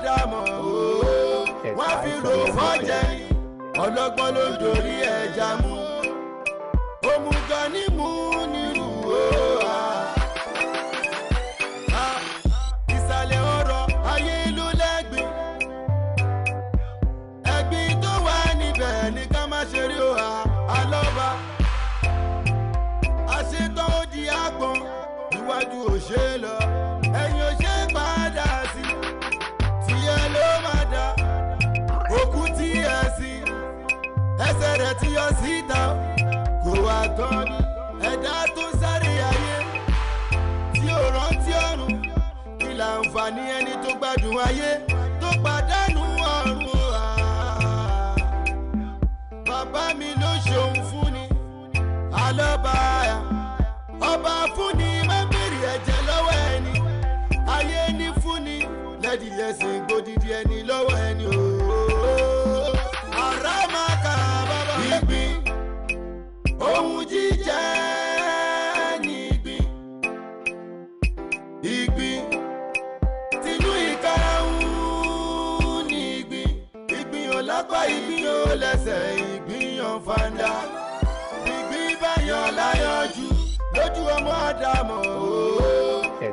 àdámọ̀ ooo wọ́n fi rò fọ́jẹ́ ọlọ́gbọ́n ló dorí ẹja mú. ọ̀rẹ́ tí yọ síta kò wá tán ni ẹ̀dá tó sáré ayé tí ò rántí ọ̀run kí làǹfààní ẹni tó gbádùn ayé tó pàdánù ọ̀run bàbá mi ló ṣeun fún ni alọ́ba ọba fún ni má bèrè ẹ̀jẹ̀ lọ́wọ́ ẹni ayé ní fún ni lẹ́dìí ẹ̀sìn gbòdìdì ẹni lọ́wọ́. ládàmọ̀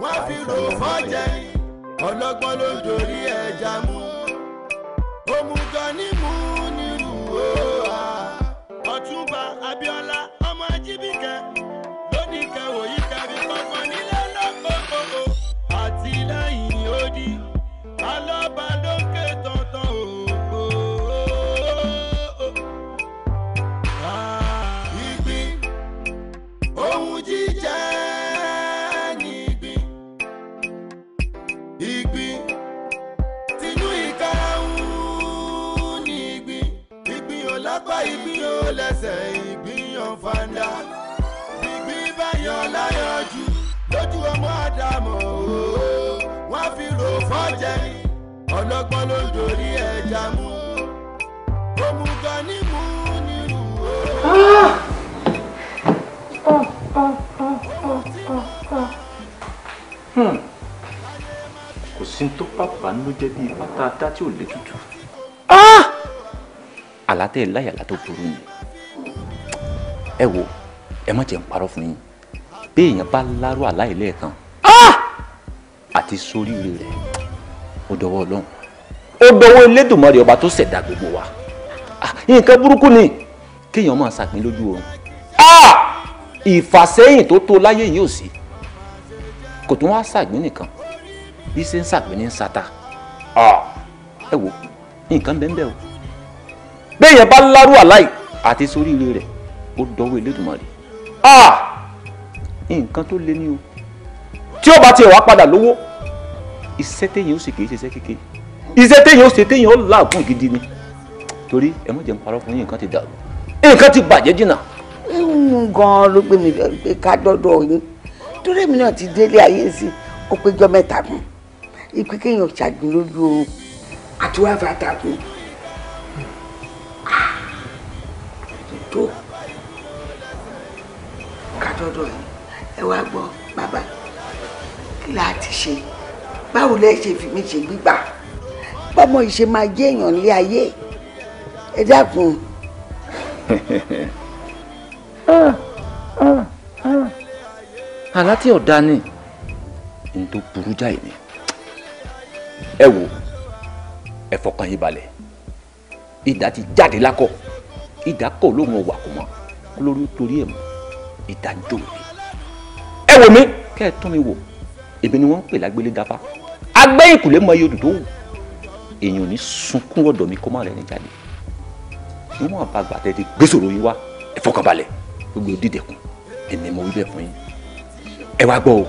wọ́n fi lò fọ́jẹ́ ọlọ́gbọ́n ló ń dorí ẹja mú òmùgọ̀ ní mú nílùú ọ̀túnba Abíọ́lá. lápá ìbí o lẹ́sẹ̀ ìbíyàn fanda ìbí báyàn láyọjú lójú ọmọ àdàmọ̀ ooo wọ́n fi rò fọ́jẹ́ ọlọ́gbọ́n ló ń dorí ẹja mú òmùgọ̀ ní mú nírú ooo. Hmm. kò sí ní tó pàpà ń ló jẹ́ bí pátá dá ò lè tutù àlátẹ̀ láyàlá tó burú ni ẹ wo ẹ má jẹ́ ń parọ́ fún yín bí èèyàn bá lárú àláìlẹ́ẹ̀kan ah! àti soríire rẹ̀ ó dọwọ́ ọlọ́run ó dọwọ́ elédùnmọ́rẹ́ ọba tó ṣẹ̀dá gbogbo wa ah, nǹkan burúkú ni kéèyàn máa ṣàpín lójú oorun ah! ìfàsẹ́yìn tó tó láyé yìí ò sí kò tún wá ṣàgbín nìkan bí ṣe ń ṣàgbín ní sata ẹ wo nǹkan bẹ́ẹ̀ bẹ́ẹ̀ o. béèyàn bá lárú àláì àti soríire rẹ̀ ó dọ́wọ́ Elédùmarè ah nǹkan tó le ní o tí ó bá tiẹ̀ wá padà lówó iṣẹ́ téèyàn ó sì kì í ṣiṣẹ́ kékeré iṣẹ́ téèyàn ó ṣe téèyàn ó gidi ni torí ẹ mọ̀ ń parọ́ fún yín nǹkan ti dàrú nǹkan ti bàjẹ́ jìnnà. ń gan ló gbé mi pé ká dọ́dọ̀ yín torí èmi náà ti délé ayé sí o péjọ kan tó kàdọ́dọ̀ yìí ẹ wá gbọ́ bàbá kí la ti ṣe báwo lẹ ṣe fi mí ṣe gbígbà bọ́mọ ìṣe máa jẹ èèyàn lé ayé ẹ dákun. àlá tí ò dá ni n tó burú jáì ni ẹ wo ẹ fọkàn yín balẹ̀ ìdá ti jáde lákọ̀ọ́ ìdá kọ̀ ló mọ̀ wà kó mọ̀ lórí torí ẹ̀ mọ̀ ìdá mi. ẹ wò mí kẹ́ ẹ tún mi wò èmi ni wọ́n ń pè lágbélé dáfá agbẹ́ ìkùlé mọ iye odò tó wù èèyàn ò ní sunkún ọ̀dọ̀ mi kó má rẹ̀ ní jáde níwọ̀n àbàgbà tẹ́ ti gbésòrò yín wá ẹ fọkànbalẹ̀ gbogbo dídẹ̀kùn èmi mo wí bẹ́ẹ̀ fún yín ẹ wá gbọ́ o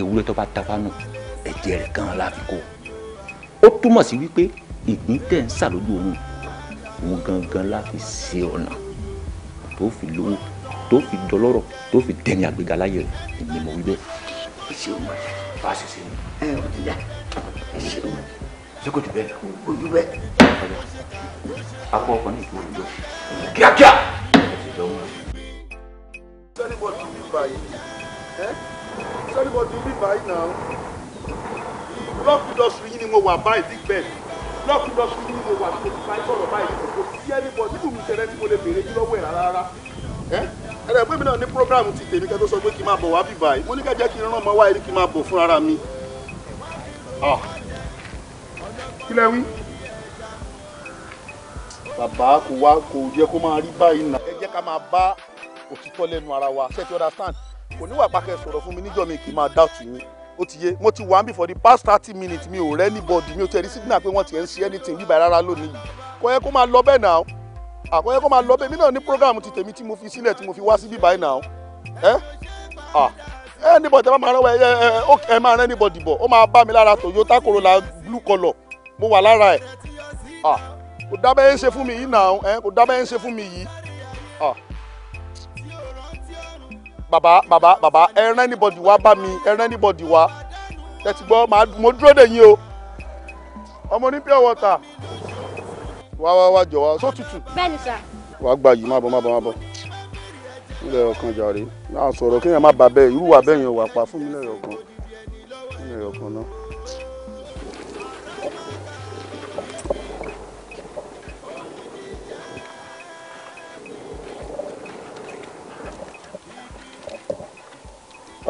ewúrẹ́ tó bá dáfá nù ẹ̀jẹ̀ rẹ̀ gan-an láàfikún ó túmọ̀ sí wípé ìgbín tẹ̀ ń sà lójú òun gangan láfi ṣe ọ̀nà tó fi lówó tó fi dọlọ́rọ̀ tó fi tẹ̀yìn àgbéga láyé rẹ̀ èmi mo wí ẹ ṣe o bá a ṣe ṣe ni. ẹ ò ti dá ẹ ṣe o. ṣé kò jù bẹ́ẹ̀ ojú bẹ́ẹ̀. akọ ọkọ ní ìtumọ̀ ìjọ. kíákíá. sọ́ni bọ̀ tún bí báyìí sọ́ni bọ̀ tún bí báyìí náà block industry yìí ni mo wà báyìí big ben lọ́kùlọ́kù ní mo wà sí máa ń sọ̀rọ̀ báyìí kò sí ẹni bọ̀ tí bùnmi ṣẹlẹ̀ tí mo lè béèrè yín lọ́wọ́ ẹ̀ rárá ẹ ẹ pé mi náà ní programu ti tèmi kẹ́ tó sọ pé kí n máa bọ̀ wá bíbá yìí mo ní kẹ́jẹ́ kí n rán ọmọ wá kí n máa bọ̀ fúnra mi. Ah. kí lẹ wí. bàbá kò wá kò jẹ́ kó máa rí báyìí nà. ẹ jẹ́ ká máa bá òtítọ́ lẹ́nu ara wa ṣé understand kò níwà pàkẹ́ sọ̀rọ̀ fún ó ti yé mo ti wà níbí for the past thirty minutes mi ò rẹ́ ní bọ́ọ̀dì mi ò tẹ̀rí sígbìnà pé wọ́n ti ẹ̀ ń ṣe anything bíbá rárá lónìí yìí kò yẹ kó máa lọ bẹ́ẹ̀ náà àkọ́ yẹ kó máa lọ bẹ́ẹ̀ mi náà ní program ti tèmi tí mo fi sílẹ̀ tí mo fi wá sí bíbá yìí náà ẹ ẹ níbọ̀ tẹ́ bá máa rẹ́wọ̀ ẹ ẹ ẹ máa rẹ́ níbọ̀ dìbọ̀ ó máa bá mi lára Toyota Corolla blue color. mo wà lára ẹ̀ kò dábẹ́ ń ṣe fún mi yìí náà kò dábẹ́ ń ṣe fún mi yìí Baba, baba, baba. ẹ rán anybody wá bá mi ẹ rán anybody wá ẹ ti gbọ́ mo dúró dè yín o ọmọ ní pure water wá wá wá jọ wá sọ tútù. bẹ́ẹ̀ni sà. wàá gba yìí má bọ̀ má bọ̀ má bọ̀ nílẹ̀ ọkàn jàre náà sọ̀rọ̀ kéèyàn má bà bẹ́ẹ̀ irú wa bẹ́ẹ̀ yẹn wà pa fún mi nílẹ̀ ọkàn nílẹ̀ ọkàn náà.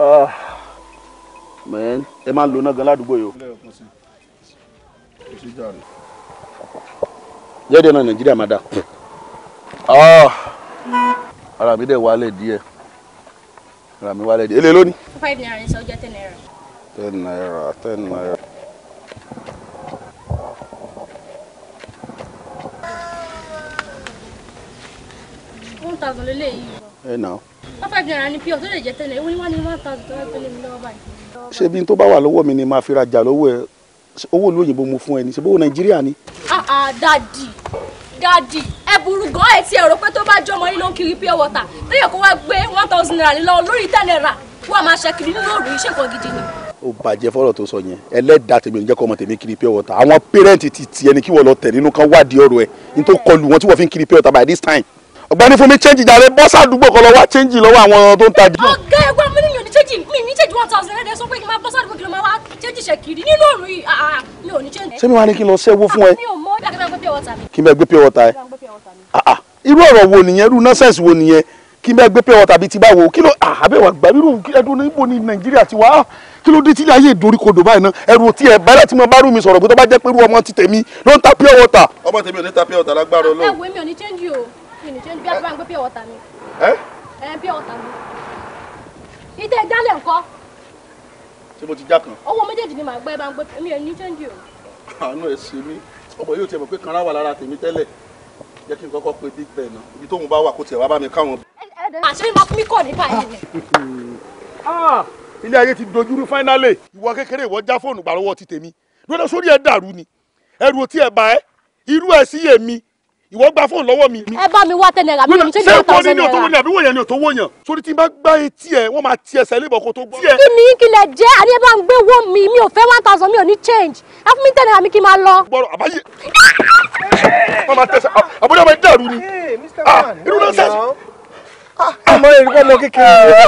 Ah. mẹ́n ẹ máa ń lo náà gan ládùúgbò yìí o. jẹ́dẹ̀ náà nàìjíríà máa dà ah. ara mi dẹ̀ wálẹ̀ díẹ̀ ara mi wálẹ̀ díẹ̀ èlé lónìí. five naira ní sọ jẹ́ ten naira. ten naira ten naira. one thousand lélẹ́yìí. ẹ nà ó wọ́n fẹ́ gbìyànjú ní pí ọ̀tún lè jẹ́ tẹ́lẹ̀ ó ní wọ́n ní one thousand bí n tó bá wà lọ́wọ́ mi ni máa fi rajà lọ́wọ́ ẹ owó ìlú òyìnbó mo fún ẹ ní ṣe bó nàìjíríà ni. ah ah dadi dadi ẹ burú gan ẹ tí ẹ rò pé tó bá jọmọ yín ló ń kiri pure water téèyàn kó wá gbé one thousand naira lọ lórí ten naira wọ́n máa ṣe kiri nínú òòrùn iṣẹ́ kan gidi ni. ó bàjẹ́ fọ́rọ̀ tó sọ yẹn ẹlẹ́dàá tèmi ò ní jẹ́ kọ́ ọmọ tèmi kiri pure water àwọn pẹ́rẹ́ǹtì ti tiẹ̀ ní kí wọ́n lọ tẹ̀ nínú kan wádìí ọ̀rọ̀ ẹ̀ ní tó kọlù wọn tí wọ́n fi ń kiri pure water by this time ọ̀gbẹ́ni fún mi change jàre bọ́sà àdúgbò kan lọ́wọ́ change lọ́wọ́ àwọn tó ń tajà. ọ̀gá ẹgbẹ́ mi ní ìyọ̀ní change mi ní change one thousand naira sọ pé kí n máa bọ́sà àdúgbò kí n máa wá change ṣe kiri nínú òòrùn yìí ah, ah, mi ò ní change. ṣé mi wàá ní kí n lọ ṣẹ́wó fún ẹ. mi ò mọ kí n bẹ gbé pure water ẹ. Ah, irú ọ̀rọ̀ wo nìyẹn irú nọ́sẹ̀sì wo nìyẹn kí n bẹ gbé pure water bíi ti báwo kí ló àbẹ̀wò àgbà irú ẹdun níbo ni Nàìjíríà ti wá kí ló dé tí ayé ìdoríkodò báyìí náà ẹrù tí ẹ bẹ́rẹ̀ tí mo bá rú mi sọ̀rọ̀ pé tó bá jẹ́ pé irú ọmọ ti tèmi ló ń ta pure water. ọmọ tèmi ò ní ta pure water lágbára Ọlọ́run. ẹ wo mi ò ní change o kí ni ṣé bí abúlé gbé pure water mi. ẹ ẹ pure water mi. ìtẹ̀ jálẹ̀ ńkọ́. ṣé mo ti já kan. owó méjèèjì ni màá gbé bá ń gbé mi ò ní ṣẹ́ńjì o. àánú ẹ ṣe mí ọmọ yóò tiẹ̀ mọ̀ pé kanra wà lára tèmi tẹ́lẹ̀ jẹ́ kí n kọ́kọ́ pe big ben náà ibi tóun bá wà kó tiẹ̀ wá bá mi káwọn. àṣírí máa fún mi kọ̀ nípa ẹ̀ ilé ayé ti dojúrú fáínálì ìwọ kékeré ìwọ já fóònù gbà ti tèmi lọ́dọ̀ sórí ẹ̀ dàrú ni ẹrù tí ẹ bá ẹ irú ẹ sí èmi ìwọ gba fóònù lọ́wọ́ mi. ẹ bá mi wá ten naira mi ò ní ṣe jẹ́ ìtàn sẹ́ni ẹ̀rọ. ṣé wọ́n ní ní òtówó ni àbí wọ̀nyẹn ni òtówó yàn. sórí tí n bá gbá etí ẹ wọ́n máa ti ẹsẹ̀ lébọ̀ kó tó gbọ́. kí ni kí lè jẹ́ àní ẹ bá ń gbé owó mi mi ò fẹ́ one thousand mi ò ní change ẹ fún mi ten mi kí n máa lọ. gbọ́dọ̀ àbáyé wọ́n máa tẹ̀sẹ̀ àbúrò máa dàrú ni ọmọ ẹ̀rí ọmọ kékeré ni ẹ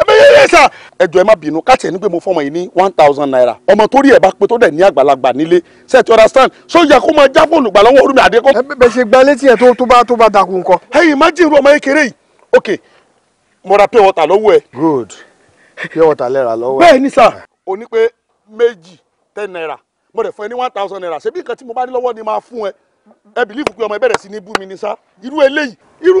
máa nà ẹ̀mẹ́yẹ́yẹ́ sà ẹ̀jọ̀ ẹ má bínú ká tiẹ̀ ní mo fọmọ yìí ní one thousand naira ọmọ tó rí ẹ̀ bá pé tó dẹ̀ ní àgbàlagbà nílé ṣe ti understand so yẹ kó máa já fóònù gbà lọ́wọ́ orúmi àdékọ́. ẹ bẹ ṣe gba létí ẹ tó tó bá tó bá dàkú nǹkan. ẹ̀yin má jìrú ọmọ kékeré yìí ok mo ra pure water lọ́wọ́ ẹ. good pure water lẹ́ra lọ́wọ́ ẹ. bẹ́ẹ̀ ni sà o ní pé méjì ten naira mo rẹ̀ fún ẹ ní one thousand naira ṣebí nǹkan tí mo bá ní lọ́wọ́ ni máa fún ẹ ẹ bìlífù pé ọmọ ẹ bẹ̀rẹ̀ sí ní bú mi ní sá irú eléyìí irú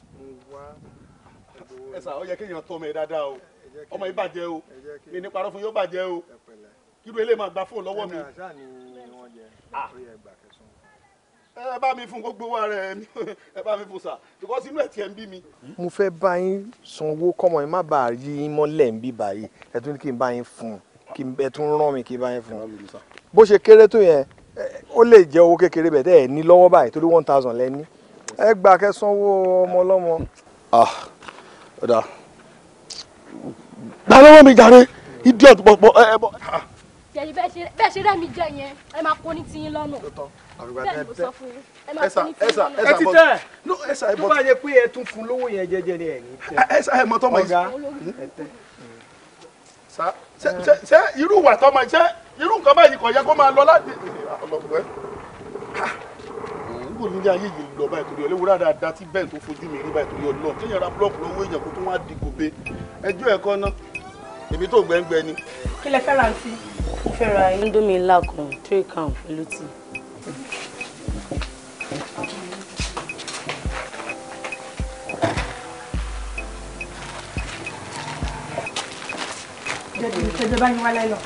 ẹ sà ó yẹ kéèyàn tọ́ ọmọ yẹn dáadáa o ọmọ yìí bàjẹ́ o mi ní parọ́ fún yóò bàjẹ́ o kí ló eléyìí máa gba fóònù lọ́wọ́ mi. ẹ ah. bá mi fún gbogbo wa rẹ ẹ bá mi fún sà because inú ẹ̀ tiẹ̀ ń bí mi. mo fẹ́ bá yín sanwó kọ́mọ yín má bàa yí yín mọ́lẹ̀ ń bí báyìí ẹ tún kí n bá yín fún kí ẹ tún rán mi kí n bá yín fún bó ṣe kéré tó yẹn ó lè jẹ́ owó kékeré bẹ̀ tẹ́ ẹ ní lọ́wọ́ báyìí torí one thousand lẹ́ni ẹ gbà kẹsànwó ọmọ ọlọ́mọ. Ah, ọ̀dà gbàlọ́wọ́ mi jàre idiot pọ̀pọ̀ ẹ bọ̀. jẹ̀yìn bẹ́ẹ̀ ṣe rẹ́ mi jẹ́ yẹn ẹ máa kó ní tiyín lọ́nà bẹ́ẹ̀ mo sọ fún yín ẹ máa kó ní tiyín lọ́nà. ẹ ti tẹ́ ẹ tó bá yẹ pé ẹ tún fún lówó yẹn jẹjẹ ni ẹ ní tẹ. ẹ sá ẹ mọ tọmọ yìí. ọ̀gá ẹ ṣe irú wà tọmọ ṣe irú nǹkan báyìí kò yẹ kó máa lọ láti. Ah, níbo nílé ayé yìí lọ báyìí torí ọlẹ́wúrà dáadáa tí bẹ́ẹ̀ tó fojú mi rí báyìí torí ọlọ́ọ̀ kéèyàn ra búlọ́ọ̀kù lọ́wọ́ èèyàn kó tó wá di gòbe ẹjọ́ ẹ̀kọ́ náà èmi tó gbẹ́ngbẹ́ ni. kí lẹ fẹ́ ra ti. mo fẹ́ ra ńlá kan three count pẹ̀lú tí. jẹ́bi ìṣèjọba yín wá lẹ́lọ.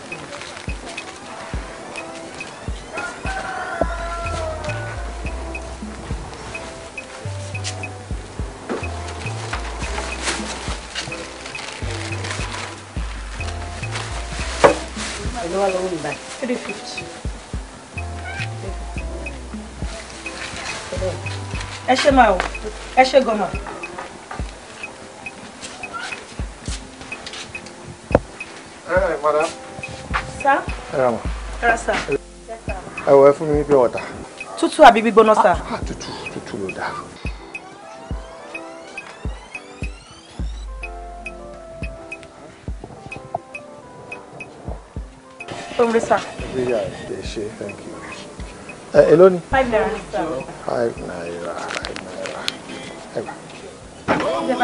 ló wà lọ́wọ́ mi báyìí. three fifty. ẹ ṣe máa o ẹ ṣe gan ma. ẹ madam. sá. ẹ rà mà. ẹ rà sá. ẹ wọ ẹ fún mi ní pure water. tútù àbí gbígbóná sá. Ah, ah, tútù Omri sir. Yeah, they thank you. Uh, èló Five naira sir. Five naira, five naira. Eba. Ah, irọ́,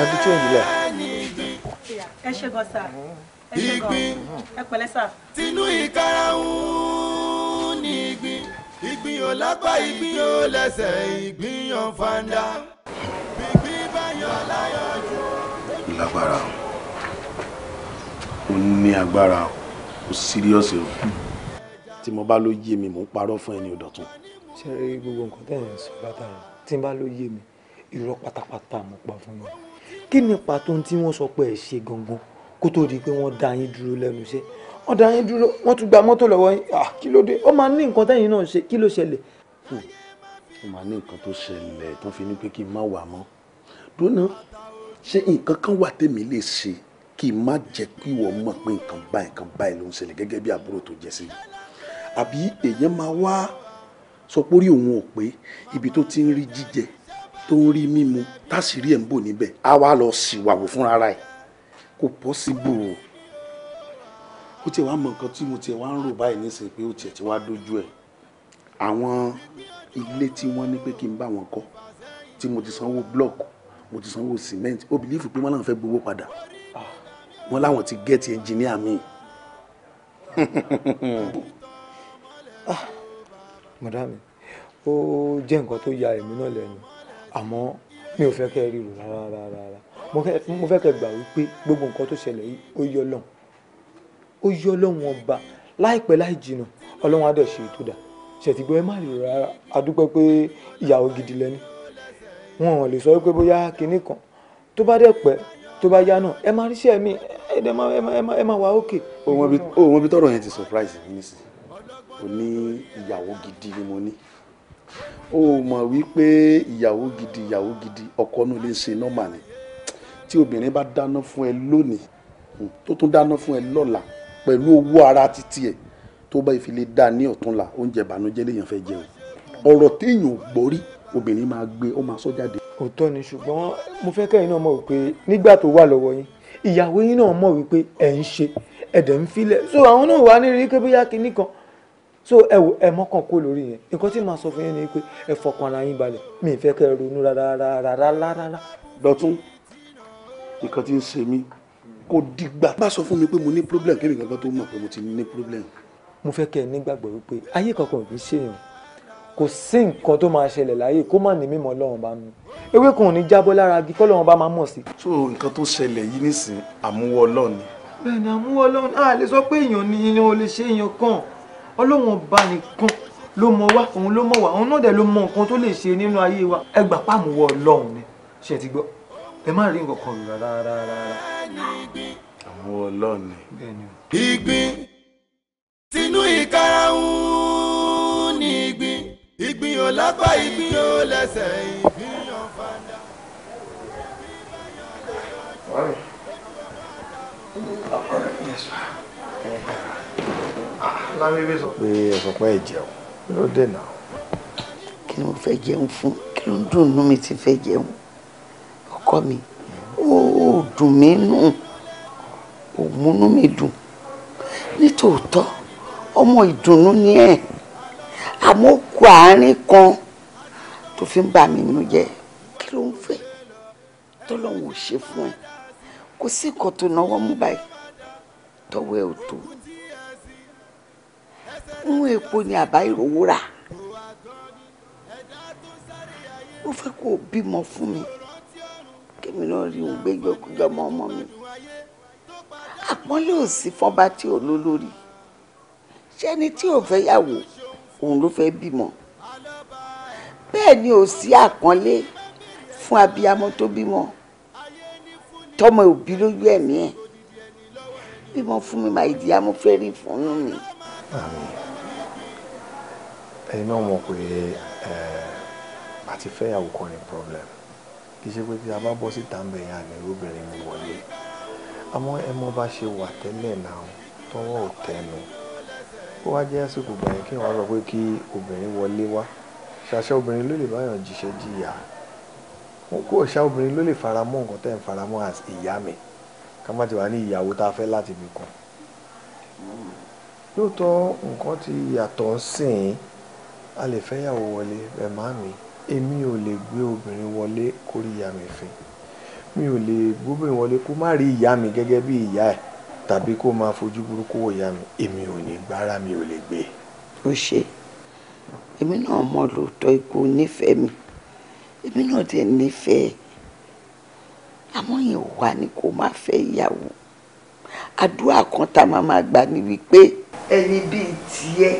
àbí tí òyìn lẹ̀. Ẹ ṣe gan sir. Ẹ ṣe gan. Ẹ pẹ̀lẹ́ sir. Tinú ìkarahun ni ìgbín. Ìgbín ò lápá, ìgbín ò lẹ́sẹ̀, ìgbín yan fanda. Ìgbín bá yan láyọ̀ jù. Lágbára o, ó ní agbára o o serious o tí mo bá ló yé mi mò ń parọ́ fún ẹni ọ̀dọ̀tún. ṣe rí gbogbo nǹkan tẹ̀ ẹ̀ sọ látara tí n bá ló yé mi irọ́ pátápátá mo pa fún yín kí ni pàtó tí wọ́n sọ pé ẹ̀ ṣe gangan kó tó di pé wọ́n dá yín dúró lẹ́nu iṣẹ́ wọ́n dá yín dúró wọ́n tún gba mọ́tò lọ́wọ́ yín ah, kí ló dé ó máa ní nǹkan tẹ̀yìn náà ṣe kí ló ṣẹlẹ̀. ó máa ní nǹkan tó ṣẹlẹ̀ tó fi ní pé kí n má wà mọ́ dúnà ṣé nǹkan kan wà tèmi lè ṣe kí n má jẹ́ kí ìwọ mọ̀ pé nǹkan báyìí nǹkan báyìí ló ń ṣẹlẹ̀ gẹ́gẹ́ bí àbúrò tó jẹ́ sí i àbí èèyàn máa wá sọ pé orí òun ò pé ibi tó ti ń rí jíjẹ tó ń rí mímu táṣìírí ẹ̀ ń bò níbẹ̀ á wá lọ ṣìwàwò fúnra rẹ̀ kò pọ́síbù o ó tiẹ̀ wá mọ nǹkan tí mo tiẹ̀ wá ń rò báyìí nísìnyí pé ó tiẹ̀ ti wá dójú ẹ̀ àwọn ilé tí wọ́n ní pé kí n bá wọn kọ́ tí mo ti sanwó blọọkù mo ti sanwó sìmẹ́ǹtì ó bìlífù pé wọ́n náà fẹ́ gbowó padà wọ́n láwọn ti gẹ́ẹ̀tì ẹnjìníà mi. Ah, madam ó jẹ́ nǹkan tó ya èmi náà lẹ́nu àmọ́ mi ò fẹ́ kẹ́ ẹ ríro rárá rárá mo fẹ́ kẹ́ gbà wípé gbogbo nǹkan tó ṣẹlẹ̀ yìí ó yọ lọ́hùn ó yọ lọ́hùn ọba láìpẹ́ láì jìnnà ọlọ́run á dẹ̀ ṣe ètò dà ṣètìgbọ́ ẹ má ríro rárá a dúpẹ́ pé ìyàwó gidi lẹ́ni wọn ò lè sọ wípé bóyá kinní kan tó bá dẹ̀ pẹ́ tó bá yá náà ẹ máa ríṣẹ́ mi ẹ máa wà òkè. òun bí tọrọ yẹn ti surprise mi nísìnyí o ní ìyàwó gidi ni mo ní o mọ̀ wípé ìyàwó gidi ìyàwó gidi ọkọ náà lè ṣe nọ́mà ni tí obìnrin bá dáná fún ẹ lónìí hmm, tó tún dáná fún ẹ lọ́la pẹ̀lú owó ara títí ẹ̀ tó bá fi lè dá ní ọ̀túnla oúnjẹ ìbànújẹ́ lèèyàn fẹ́ jẹun ọ̀rọ̀ téèyàn gbọ́rí obìnrin máa gbé ó máa sọ jáde òótọ́ ni ṣùgbọ́n mo fẹ́ kẹ́yìn náà mọ̀ wípé nígbà tó wà lọ́wọ́ yín ìyàwó yín náà mọ̀ wípé ẹ̀ ń ṣe ẹ̀dẹ̀ ń filẹ̀ so àwọn náà wà ní rírí kébíyà kínní kan so ẹ wò ẹ mọ́kàn kó lórí yẹn nǹkan tí màá sọ fún yín ni pé ẹ fọkàn ara yín balẹ̀ mi ìfẹ́ kẹ́ ẹ ronú rárá. dọ̀tún nǹkan tí ń ṣe mí kò dìgbà. bá sọ fún mi pé mo ní problem kí nìkan tó mọ̀ pé mo ti ní problem. mo fẹ́ kẹ́ ẹ nígbàgbọ́ wípé ayé kankan ò ní ṣèyàn kò sí nǹkan tó máa ṣẹlẹ̀ láyé kó má ní mímọ́ Ọlọ́run bá mi ewé ò ní jábọ́ lára igi kọ́lọ́run bá máa mọ̀ sí. so nǹkan tó ṣẹlẹ̀ yìí nísìn àmúwọ́ Ọlọ́run ni. bẹ́ẹ̀ ni àmúwọ́ Ọlọ́run a lè sọ pé èèyàn ni èèyàn lè ṣe èèyàn kan Ọlọ́run ọba nìkan ló mọ wá òun ló mọ wá òun náà dẹ̀ ló mọ nǹkan tó lè ṣe nínú ayé wa ẹ gbà pàmùwọ́ Ọlọ́run ni ṣe ti gbọ́ ẹ má rí nǹkan kan rárá ìgbìyàn lápá ìgbìyàn lẹ́sẹ̀ ìgbìyàn fada. lábẹ́bí sọ pé ẹ̀sọ́ pé ẹ jẹun ló dènà. kí ni mo fẹ́ jẹun fún kí ló ń dùnnú mi ti fẹ́ jẹun ọkọ mi ó dùn mí nù ó múnú mi dùn nítòótọ́ ọmọ ìdùnnú ni ẹ̀. E àmókù àárín kan tó fi ń bà mí nínú jẹ́ kí ló ń fẹ́ tọ́lọ́hún ò ṣe fún ẹ kò sí ìkọ̀ tó náwó mú báyìí tọ́wọ́ ẹ ò tó ń epo ni àbá ìrówó rà ó fẹ́ kó bímọ fún mi kémi náà rí òun gbẹ́jọ́ kújọ́ mọ́ ọmọ mi àpọ́nlé ò sí fọ́nba tí ò lólórí ṣẹ́ni tí ò fẹ́ yàwó òun ló fẹ́ bímọ bẹ́ẹ̀ ni ò sí àpọ́nlé fún abiyamọ tó bímọ tọmọ òbí lójú ẹ̀mí ẹ̀ bímọ fún mi màá di amúfẹ́rí fúnnú mi. ẹ̀yin náà mọ̀ pé àti fẹ́yàwó kan ní problem kì í ṣe pé tí a bá bọ́ síta ń bẹ̀ yẹn àná irúbìnrin mi wọlé àmọ́ ẹ mọ̀ bá ṣe wà tẹ́lẹ̀ náà tọwọ́ ò tẹnu ó wá jẹ́ àsìkò gbẹ̀yìn kí wọ́n sọ pé kí obìnrin wọlé wá ṣàṣà obìnrin ló lè báyàn jíṣẹ́ jìyà wọn kó ṣá obìnrin ló lè fara mọ́ nǹkan tẹ́ ń fara mọ́ as ìyá mi ká má ti wà ní ìyàwó tá a fẹ́ láti ibì kan lóòótọ́ nǹkan ti yàtọ̀ ń sìn a lè fẹ́ yàwó wọlé ẹ̀ má mi èmi ò lè gbé obìnrin wọlé kórí mi fín mi ò lè gbóbìnrin wọlé kó má rí ìyá mi gẹ́gẹ́ bí ìyá ẹ̀ tàbí kó máa fojú burúkú wò ya mi èmi ò ní gbára mi ò lè gbé. ó ṣe èmi náà mọ̀ lóòótọ́ ipò nífẹ̀ẹ́ mi èmi náà dẹ̀ nífẹ̀ẹ́ àmọ́ yẹn wà ní kó máa fẹ́ ìyàwó àdúrà kan tá a máa máa gbà ní wípé ẹni bíi tiẹ̀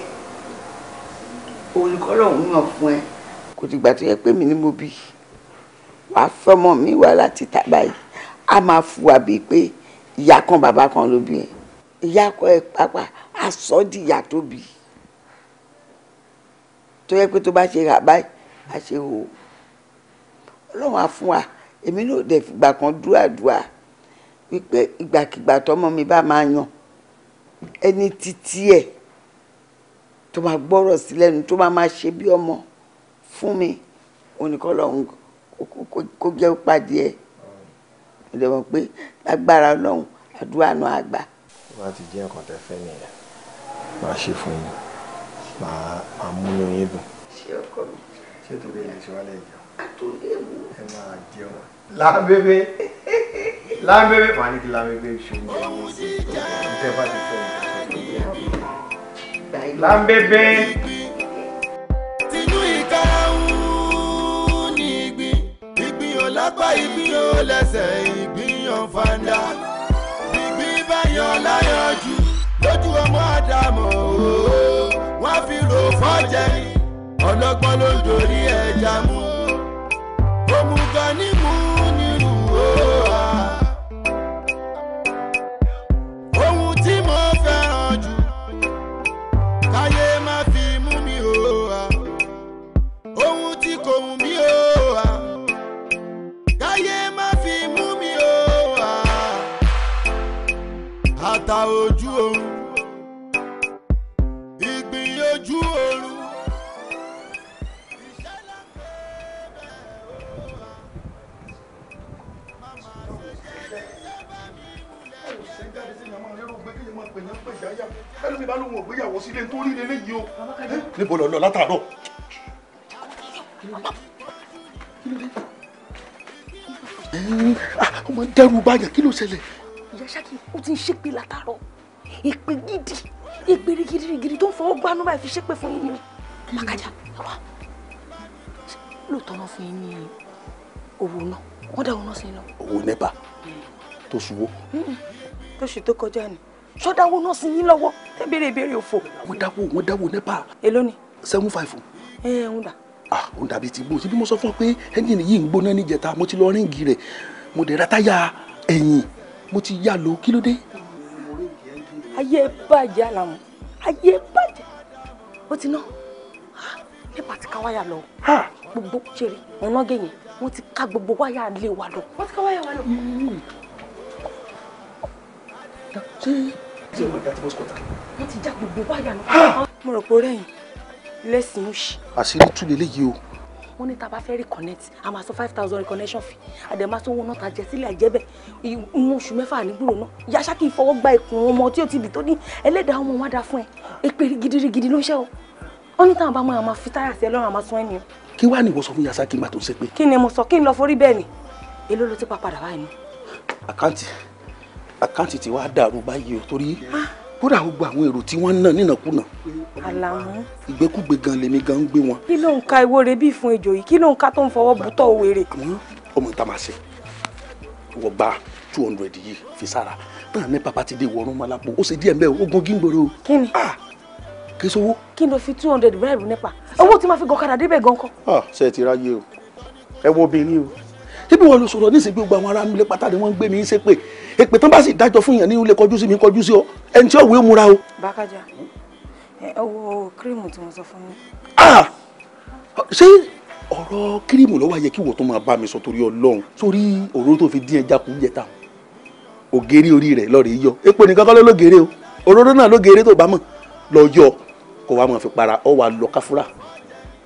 olùkọ́ lọ́hún yàn fún ẹ kò dìgbà tó yẹ pé mi ni mo bí wàá fọmọ mi wá láti tàbá a máa fún wa bíi pé ìyá kan bàbá kan ló bí ẹ ìyá kan ẹ pàápàá àsọdì ìyá tó bí tó yẹ pé tó bá ṣe rà báyìí a ṣe wò ó ọlọ́run á fún wa èmi náà dẹ̀ fìgbà kan dúàdúà wípé ìgbàkígbà tọmọ mi bá máa yan ẹni títí ẹ̀ tó máa gbọ́rọ̀ sí lẹ́nu tó máa máa ṣe bí ọmọ fún mi oníkọ́ lọ́hún kó jẹ́ pàdé ẹ̀ ìdẹ̀wọ̀n pé agbára ọlọ́run àdúrà náà àgbà. tó ti jẹ́ nǹkan tẹ́ fẹ́ nìyẹn máa ṣe fún yín máa múnú yín dùn. ṣé ọkọ mi. ṣé torí yẹn ṣe wá ẹ máa jẹun. lábẹ́bẹ́ lábẹ́bẹ́ màá ní kí lábẹ́bẹ́ ṣòwò ọ̀hún tẹ́ bá ti fẹ́ yẹn. lábẹ́bẹ́. lápá ìbíyàn ó lẹ́sẹ̀ ìbíyàn fanda ìgbín báyàn láyànjú lójú ọmọ àdàmọ̀ ooo wọ́n fi rò fọ́jẹ́ ọlọ́gbọ́n ló ń dorí ẹja mú òmùgọ̀ ní mú nírú ooo. ohun tí mo fẹ́ràn jù káyé má fi mú mi ooo. ohun tí kò wù mí ooo. bá lóun ògbéyàwó sílé tó rí lélẹ́yìí o níbo lọ lọ látàárọ̀. ó máa ń dẹ́rù báyà kí ló ṣẹlẹ̀. ìyá ṣáàkì ó ti ń ṣépè látàárọ̀ èpè gidi èpè rigirigiri tó ń fọwọ́ gbanú báyìí fi ṣépè fún yín ni. àkàjà àwa lóòótọ́ náà fún yín ní owó náà wọ́n dá owó náà sí i owó nẹ́bà tó sunwó. Hmm, oṣù tó kọjá ni ṣó dáwó náà sí yín lọ́wọ́ ẹ béèrè ìbéèrè òfò. wọ́n dáwó wọ́n dáwó nípa. èló ni. seven five. ẹ ẹ ń dà. ah ń dàbí ti gbóhùn síbi mo sọ fún ọ pé ẹ́ńjìnì yìí ń gbóná níjẹta mo ti lọ ríǹgì rẹ̀ mo dẹ̀ ra táyà ẹ̀yìn mo ti yá lọ kí ló dé. ayé bàjẹ́ àlàmú ayé bàjẹ́ ó ti ná ah, nípa ti ká wáyà lọ gbogbo jèrè ọ̀nà gẹ̀yìn wọ́n ti ká gbogbo wáyà lé wa lọ. wọ́n ti ká wáyà wa lọ. Mm-hmm ṣé o máa dá tí mo sọ̀tà. wọ́n ti já gbogbo wáyà náà. mo rò pé ó rẹ̀yìn lẹ́sìn òṣì. àṣírí tú leléyìí o. wọ́n ní tá fẹ́ reconnect a máa san five thousand reconnection fee àdèmá tó náà ta sílẹ̀ àjẹbẹ̀ ìwọ̀n oṣù mẹ́fà nígboro náà yàṣá kì í fọwọ́ gba ìkùn ọmọ tí ó ti bì tó ní ẹlẹ́dàá ọmọ wọn dá fún ẹ èpè gidigidi ló ń o wọ́n ní táwọn mọ àwọn fi táyà sí ẹ lọ́rùn àmọ́ sún ẹ̀mí o. kí wàá ní ìwọ sọ fún yàṣá kí n bá tó ń ṣe pé. kí ni mo sọ kí n lọ forí bẹ́ẹ̀ ni èló ló ti pa padà báyìí. àkáǹtì àkáǹtì ti wá dàrú báyìí o torí kódà gbogbo àwọn èrò tí wọ́n ń ná nínàkúnà. àlàmú. ìgbékúgbé gan lèmi gan ń gbé wọn. kí ló ń ka ìwo rẹ bí fún ejò yìí kí ló ń ka tó ń fọwọ́ bùtọ̀ wèrè. àmọ́ ọmọ ìta máa ṣe wọ́n gba two hundred yìí fi sára náà ní papa ti dé ìwọ̀rùn máa lápò ó ṣe díẹ̀ mbẹ́ ogun gígboro. kí ni ah, kí sówó. kí ló fi two hundred bíráìbù nípa owó tí máa fi gọ̀kadà débẹ̀ gan kọ́. Ah, ṣe é ti ráyè o ẹ wo obìnrin o ṣé bí wọn lọ sọ̀rọ̀ níṣẹ́ gbogbo àwọn ará mi lé pátá ni wọ́n ń gbé mi ń ṣépè èpè tán bá sì dájọ́ fún yàn ní ilé kọjú sí mi kọjú sí ọ ẹni tí ó wé múra o. bákájà ẹ wo kírìmù tí mo sọ fún mi. ṣé ọ̀rọ̀ kírìmù lọ́wọ́ yẹ kí wọ́n tó máa bá mi sọ torí ọlọ́run sórí òróró tó fi dín ẹja kù ń jẹta ògèrè orí rẹ̀ lọ́ọ̀rẹ́ yọ epo nìkan kọ́ ló lógèrè o òróró náà lógèrè tó bá mọ̀ lọ yọ kó wàá máa fi para ọ wàá lọ káfúrà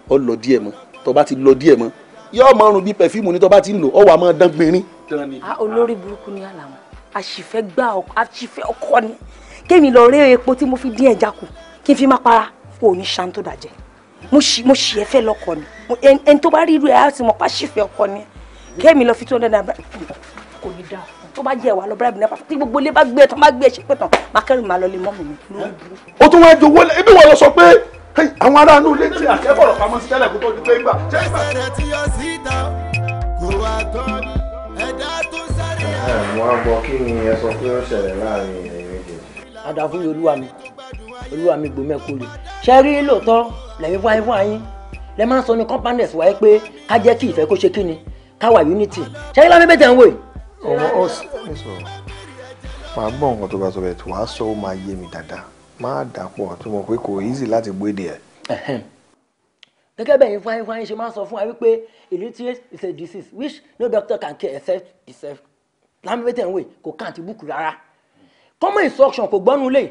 ọ lọ díẹ̀ mọ́ tó bá ti lọ díẹ̀ mọ́ yọ ọ máa rùn bí pẹ̀fíìmù ni tó bá ti ń lò ọ wàá máa dán gbinrin. olórí burúkú ni àlàmù àṣìfẹ́ gbà ọkọ àṣìfẹ́ ọkọ ni kémi lọ ré epo tí mo fi dín ẹja kù kí n fi má para kó o ní ṣan tó dàjẹ́ mo ṣì ẹ fẹ́ lọ́kọ ni ẹni tó bá rí irú ẹ̀ á sì mọ̀ pa àṣìfẹ́ ọkọ ni kémi lọ fi two hundred naira kò ní dáa tó bá jẹ́ ìwà lọ bíráìbì náà tí gbogbo ilé bá gbé tán bá gbé ẹṣẹ pé tán máa kẹrù lọ lé mọ́mù mi. o tún wáá jowó lẹ ibi wọn lọ sọ pé àwọn ará ilé tí àkẹ́fọ̀rọ̀ pamọ́ mo á gbọ́ kí ni ẹ sọ pé ó ṣẹlẹ̀ láàrin ẹ̀yin méjèèjì. adáfúnni olúwa mi olúwa mi gbòmẹ kó lè ṣe rí lóòótọ́ lẹ́yìn fún ayé fún ayé lẹ máa ń sọ ní compounders wáyé pé ká jẹ́ kí ìfẹ́ kó ṣe kí ni ká wà unity ṣe rí lábẹ́ bẹ́tẹ̀ ń wò yìí. ọmọ ọ ní sọ̀rọ̀ màá gbọ́ nǹkan tó bá sọ bẹ́ẹ̀ tí wàá sọ ó máa yé mi dáadáa máa dàpọ̀ tó mọ̀ pé kò easy láti gbéde ẹ̀. gẹ́gẹ́ bẹ́ẹ̀ ni fún ayé fún ayé ṣe máa sọ fún wa wípé is a disease which no doctor can cure except himself lámbébé tẹ̀ kò kàn ti búùkù rárá common instruction kò gbọ́nu lè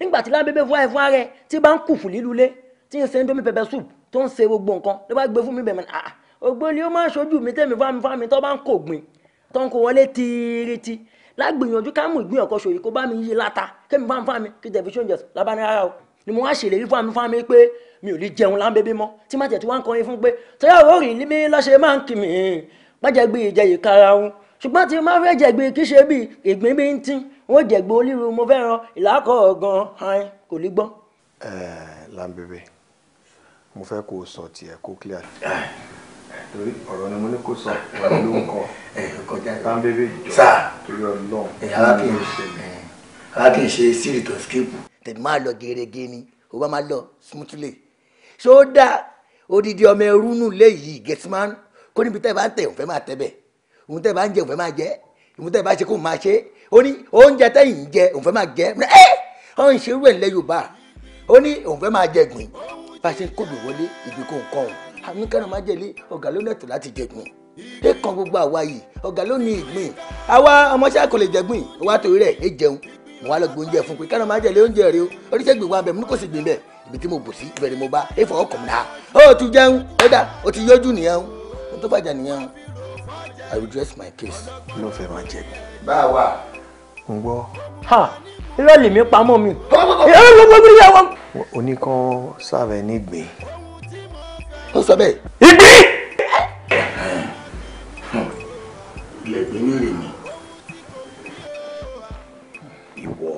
nígbà tí lámbébé fún ẹ fún ara ẹ tí bá ń kù fún lílu lé tí ń ṣe ń domi pẹpẹ soup tó ń ṣe gbogbo nǹkan ló bá gbé fún mi bẹ̀ mọ́ àà ah, ògbólé ó máa ń ṣojú mi tẹ̀mí fámi fámi tó bá ń kò gbìn tó ń kó wọlé tìrìtì lágbìyànjú ká mú ìgbìyànjú kan ṣòyí kó bá mi yí láta kémi fámi fámi kí tẹ̀fí ṣóúnjẹ lábáni rárá o ni mo wá ṣèlérí fámi fámi pé mi ò lè jẹun láńbébé mọ́ tí má tẹ̀ tí wọ́n ń kọrin fún pé tọ́yà òórì ní mi lọ́ṣẹ́ máa ń kì mí má gbé ìjẹyè kára ṣùgbọ́n tí mo máa fẹ́ jẹ̀gbìn kí ṣe bí ìgbín bí ń tín wọ́n jẹ̀gbìn olíru mo fẹ́ ran ìlàkọ̀ ọ̀gàn han kò ní gbọ́n. ẹ eh, ẹ lambebe mo fẹ́ kó o sọ tiẹ̀ kó clear. torí ọ̀rọ̀ ni mo ní kó sọ wà ló ń kọ lambebe jọ torí ọlọ́run eh, alákì ń eh, ṣe sírì tó skipu. tèmi máa lọ gẹ́rẹ́gẹ́ ni o bá máa lọ smoothly ṣó dáa odidi ọmọ ẹrú nù léyìí gẹtìmánú kó níbi tẹ́ ẹ bá tẹ̀ òun fẹ́ máa tẹ́ bẹ́ẹ̀ òun tẹ́ bá ń jẹ òun fẹ́ máa jẹ òun tẹ́ bá ṣe kó máa ṣe ó ní oúnjẹ tẹ́yìn ń jẹ òun fẹ́ máa jẹ ẹ́ ọ́n ń ṣerú ẹ̀ ńlẹ́ Yorùbá ó ní òun fẹ́ máa jẹ gbìn bá a ṣe ń kóbi wọlé ìbí kò ń kọ́ òun àmì kẹ́rin máa jẹ̀lé ọ̀gá ló lẹ́tọ̀ọ́ láti jẹ gbìn ẹ kan gbogbo àwa yìí ọ̀gá ló ní ìgbìn àwa ọmọọṣẹ́ kò lè jẹ gbìn wá torí rẹ̀ ẹ jẹun mo wá lọ gbé oúnjẹ fún pé kẹ́rin máa jẹ̀lé oúnjẹ rẹ o oríṣẹ́ gbìn bẹ̀ mú kò sì gbìn bẹ̀ ibi tí mo bù sí ibẹ̀ mo bá ẹ fọwọ́ kàn náà ó ti jẹun ó dà ó ti yọjú nìyẹn o tó fàjà nìyẹn o. I will dress my case. ló fẹ́ máa jẹ mi. báwa. n gbọ́. ha irọ́ lèmi pamọ́ mi. irọ́ ló gbogbo ìyá wa. oníkan sáfẹ́ nígbìn. ó sọ bẹ́ẹ̀. ìgbín. ilẹ̀gbẹ́ mèrè mi. ìwọ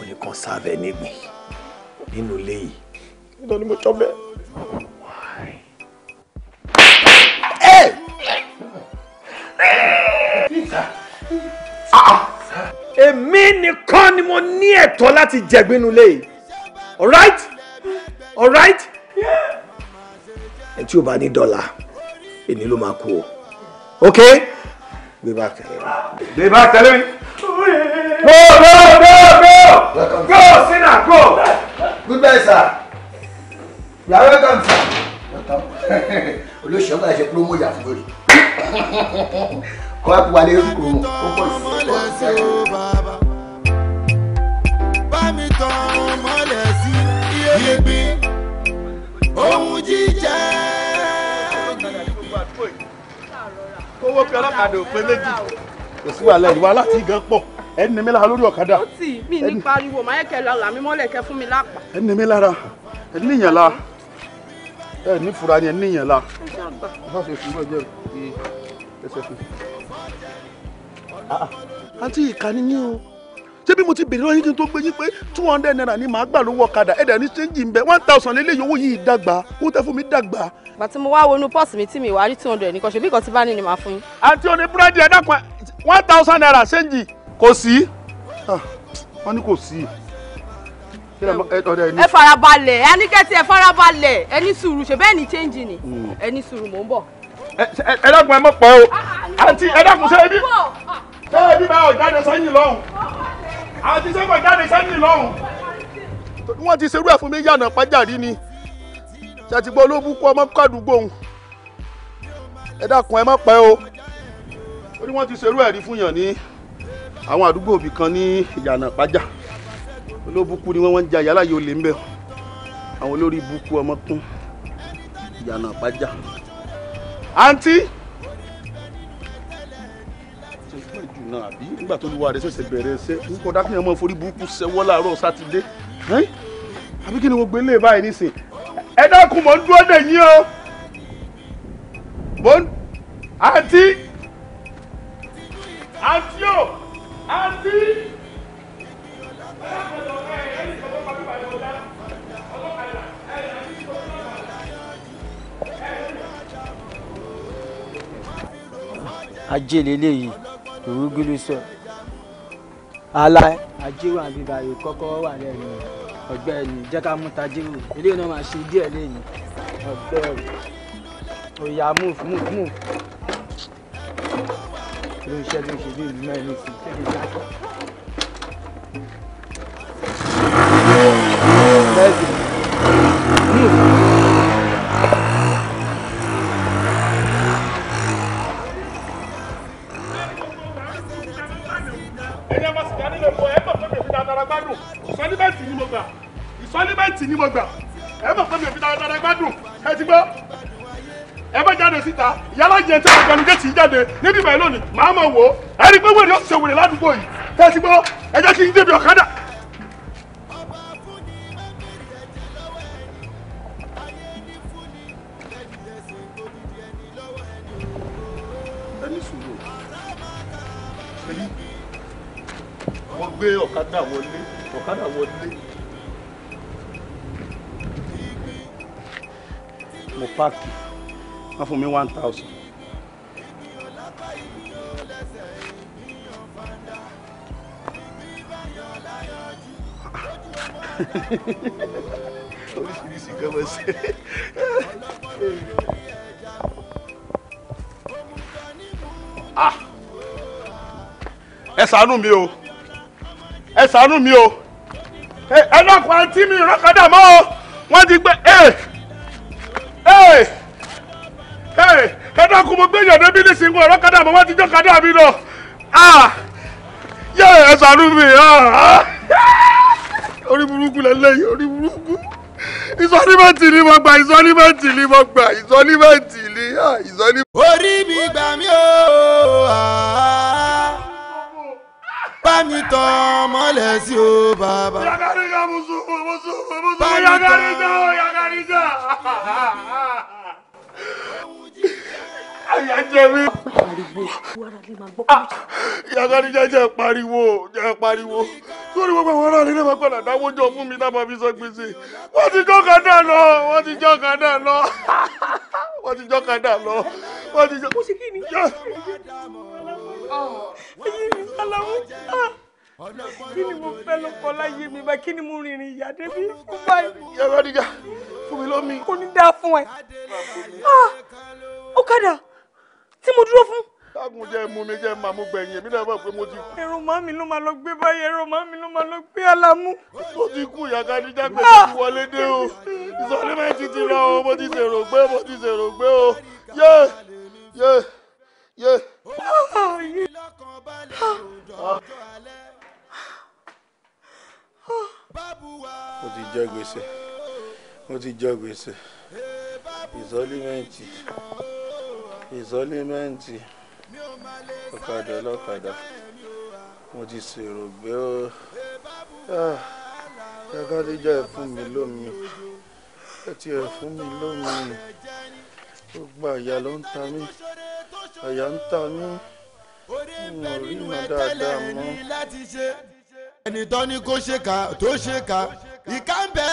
oníkan sáfẹ́ nígbìn nínú ilé yìí. kí ló ní mo jọ bẹ́ẹ̀. Ah, ah. èmi nìkan ni mo ní ẹ̀tọ́ láti jẹ̀gbínú lé alright alright ẹ̀ tí o bá ní dọ́là èmi ló máa kú o ok gbé bá tẹ̀lé mi. gbé bá tẹ̀lé mi. go go go go go sinna go. goodbye sir. you are welcome sir. olóṣèlú ọgbà ẹ̀ṣẹ̀ promo yà fún mi kọ́ ẹ̀ wà lé orúkọ wọn ó pọ̀ sí ọ̀sẹ̀. bámi tán mọ́lẹ̀ sí iyegbin ohun jíjẹ. owó pe ọlọ́kadà ò pé méjì kò sí wàhálà ìwà láti gan pọ̀ ẹni mi lára lórí ọ̀kadà. ó tì mí ní pariwo máyẹ́kẹ́ lọ́la mímọ́lẹ̀kẹ́ fún mi lápá. ẹni mi lára ẹni níyàn lára ẹ ní fura ni ẹ níyàn la ah, ah. àǹtí ìkànnì ni o ṣé bí mo ti bèrè lọ́yìn kí n tó gbé yín pé two hundred naira ni màá gbà lówó ọ̀kadà ẹ̀dà ní ṣéǹjì ń bẹ one thousand lélẹ́yìí owó yìí dàgbà owó tẹ fún mi dàgbà. ìgbà tí mo wá wọnú pọ́ọ̀sì mi tí mi wàá rí two hundred nìkan ṣe bí nǹkan ti bá ní ni màá fún yín. àǹtí oní búrẹ́dì ẹ̀dá kan one thousand naira ṣéǹjì kò sí. Ah, wọ́n ní kò sí ẹ farabalẹ̀ ẹ ní kẹ́tì ẹ farabalẹ̀ ẹ ní sùúrù ṣe bẹ́ẹ̀ ní change ni hmm. ẹ ní sùúrù mò ń bọ̀. ẹ dákun ẹ mọ̀ pọ̀ o ah, ah, ah, àǹtí ẹ dákun ṣe ẹbí ṣe ẹbí bá ọ̀jáde sẹ́yìn lọ́hùn àǹtí ṣe kò jáde sẹ́yìn lọ́hùn. wọ́n ti ṣerú ẹ̀ fún mi yànnà pàjáde ni ṣàtìgbọ́ olóògùn kú ọmọ kàdúgbò òun ẹ dákun ẹ mọ̀ pẹ́ o ó ní wọ́n ti ṣerú ẹ̀rí fún yàn ní àwọn àdúgbò òbí kan ní ìyànà pàjáde olóbukú ni wọ́n wọ́n ń ja yàrá yìí ó lè ń bẹ̀ àwọn olórí bukú ọmọ kún ìyànà àbájá. àǹtí nígbà tó wà rẹ ṣẹ̀ṣẹ̀ bẹ̀rẹ̀ ṣe n kò dákìyàn mọ forí burúkú ṣẹwọ́ láàárọ̀ sátidé àbí kí ni gbogbo ilé e báyìí nísìn ẹ dákun mọ̀ ń dúró dè yín o mọ̀ ń àǹtí àǹtí o àǹtí ajé leléyìí ìrúgúlù sọ ala ajé wà bíbá yìí kọ́kọ́ wà lẹ́nu ọ̀gbẹ́ni jẹ́ ká mú tajé wò eléyìí náà máa ṣe díẹ̀ lẹ́yìn ọ̀gbẹ́ni oya move move move ló ń ṣe ló ń ṣe bí ìlú mẹ́rin sí i. gbà ìsọlímẹ́ǹtì ni mo gbà ẹ mọ̀ pé mi ò fi dáradára gbádùn ẹ ti gbọ́ ẹ bá jáde síta yálà jẹ tí àwọn gbanugẹ́tì jáde níbi ìbàyẹ̀ lónìí màá mọ̀ wò ó ẹ rí i pé wèrè ó ṣe wèrè ládùúgbò yìí ẹ ti gbọ́ ẹ jẹ́ kí n débi ọ̀kadà. ẹni sùúrù èyí wọ́n gbé ọ̀kadà wọlé ọ̀kadà wọlé mo páàkì wọ́n fún mi one thousand. oríṣiríṣi kan mọ̀ sí ẹ ṣàánú mi o ẹ ṣàánú mi o ẹ lọ́kùn àǹtí mi ìrọ́kọ̀dà mọ́ o wọ́n ti gbé. kó mo gbé èèyàn débi nísìnyí wọn ọ̀rọ̀ kádà mo wá ti jọ́ kádà mi lọ ah! yẹ ẹ ṣàánú mi ah, ah. orí burúkú lẹ́lẹ́yìn orí burúkú ìsọ́nímẹ́ǹtì ni mo gbà ìsọ́nímẹ́ǹtì ni mo gbà ìsọ́nímẹ́ǹtì ni ìsọ́nímẹ́ǹtì. orí mi gbà mí o bá mi tọ́ mọ́lẹ̀ sí o bàbá. yàgàríjà mo sùn mo sùn mo sùn yàgàríjà yàgàríjà àyà jẹ mí. yàrá ni jẹjẹ pariwo ah, jẹ pariwo lórí gbogbo àwọn aráàlú náà máa padà dáwọ́jọ fún mi dábàá fi sọ gbèsè wọ́n ti jọ́ kàdá lọ wọ́n ti jọ́ kàdá lọ wọ́n ti jọ́ kàdá lọ wọ́n ti jọ́. mo ṣe kí ni. ẹyin mi aláwọ̀ ah kí ni mo fẹ́ ló kọ́ láyé mi bá kí ni mo rìnrìn ìyá débi fún báyìí. yàrá fún mi lómi. kò ní dáa fún ẹ. ó ah, kàdà tí mo dúró fún. dágùn jẹ́ mú mi jẹ́ máa mú gbẹ̀yìn èmi náà bọ̀ pé mo ti kú. èrò màá mi ló máa lọ gbé báyìí èrò màá mi ló máa lọ gbé àlàmú. mo ti kú ìyá kadija pé mo ti wọlé dé o ìsọ̀lẹ́mẹ̀tì ti ra o mo ti ṣèrò gbé mo ti ṣèrò gbé o yé yé yé. mo ti jẹ gbèsè mo ti jẹ gbèsè ìsọ̀lẹ́mẹ̀tì ìzọ́límẹ́ǹtì ọ̀kadà lọ́kadà mo ti ṣèrò gbé ó jákàdéjà ẹ̀ mi lómi ẹ ti mi lómi gbogbo àyà ló ń ta mí àyà ń ta mí mo rí mọ dáadáa mọ́. ẹni tó ní kó ṣèkà tó ṣèkà ìkà ń bẹ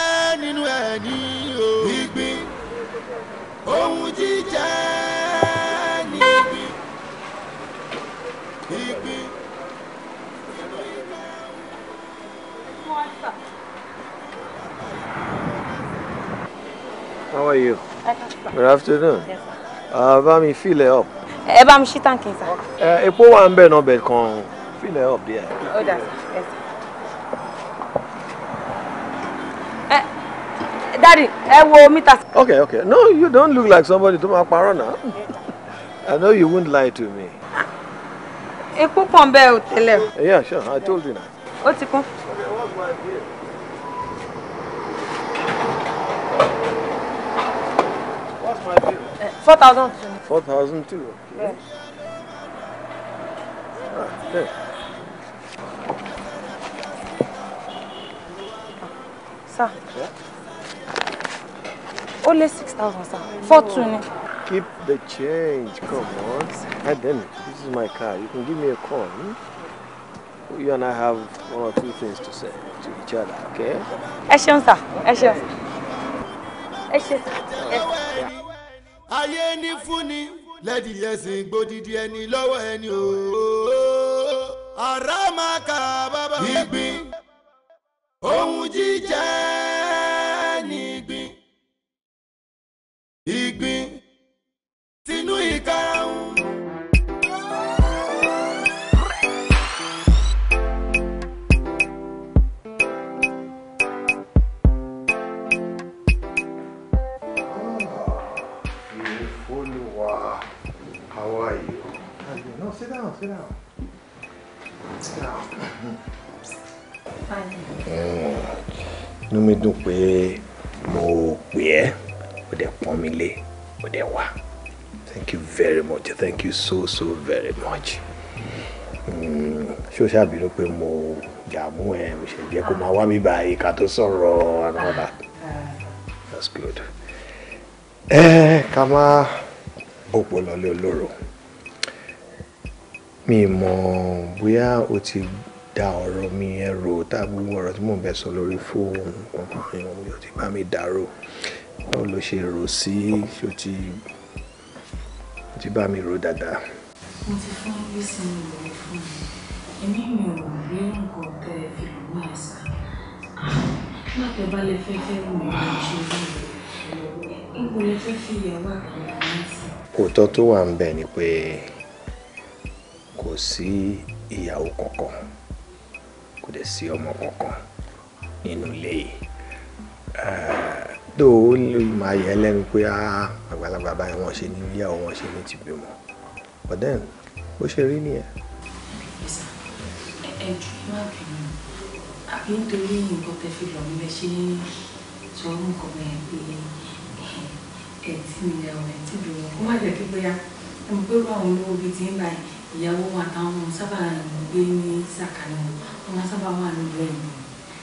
nínú ẹ̀ ní ìgbín ohun jíjẹ. How are you? Good afternoon. Yes, sir. Uh, bá mi fill it up. Ẹ bá mi ṣí tanki sir. Eh epo wà ńbẹ̀ náà bẹ̀ kan fill it up there. Oh that's yes. Eh Daddy, ẹ meet us. Okay, okay. No, you don't look like somebody to máa parana. I know you won't lie to me epo pọ̀ ń bẹ́ẹ̀ ò yeah sure i told you na. ó ti kún. four thousand two. four thousand two. okay. Ah, sir. ó lé six thousand sir four two ni. Keep the change, come on. And then, this is my car. You can give me a call. Hmm? You and I have one or two things to say to each other, okay? Action, sir. Action. ṣeun. Ẹ ṣeun. lẹ́dí ẹ̀sìn gbòdìdí ẹni lọ́wọ́ ẹni ooo. Àrá máa kà bàbá. Ìgbín ohun jíjẹ. Sit down. Sit down. Inú mi dùn pé mo pè ẹ́, o dẹ̀ pọ́n mi lé, o Thank you very much. Thank you so so very much. Ṣé o ṣàbínú pé mo jàmú ẹ, mo ṣe jẹ́ kó máa wá mi báyìí ká tó sọ̀rọ̀ that. That's good. Ẹ ká má bòpò lọlé olóró mi mọ̀ bóyá o ti da ọ̀rọ̀ mi yẹn rò tá gbogbo ọ̀rọ̀ tí mò ń bẹ sọ lórí fóònù kankan yẹn mi ò ti bá mi dàrò báwo ló ṣe rò sí ṣó ti ó ti bá mi rò dáadáa. mo ti fún bísí mi lọ fún èmi mi ò rí nǹkan tẹ ìlú náà sá má tẹ bá lè fẹ́ fẹ́ mi lójú ìlú ìgbò lè fẹ́ fi ìyàwó àtàwọn ọmọ sí. òótọ́ tó wà ń bẹ̀ ni pé kò sí ìyàwó kankan kò dẹ̀ sí ọmọ kankan nínú ilé yìí tó o máa yẹ lẹ́nu pé àgbàlagbà báyìí wọ́n ṣe ní ìyàwó wọ́n ṣe ní ti bímọ but then bó ṣe rí nìyẹn. ẹ ẹ jù má bínú àbí nítorí nǹkan tẹ fi lọ nílẹ̀ ṣe sọ nǹkan bẹ́ẹ̀ pé ẹ tí mi yà ọ kó má jẹ́ kí bóyá ẹ mọ̀ pé báwọn olówó bíi ti ń báyìí ìyàwó wọn àtàwọn ọmọ sábà gbé ní sàkánì wọn wọn máa sábà wà lójú ẹ̀yìn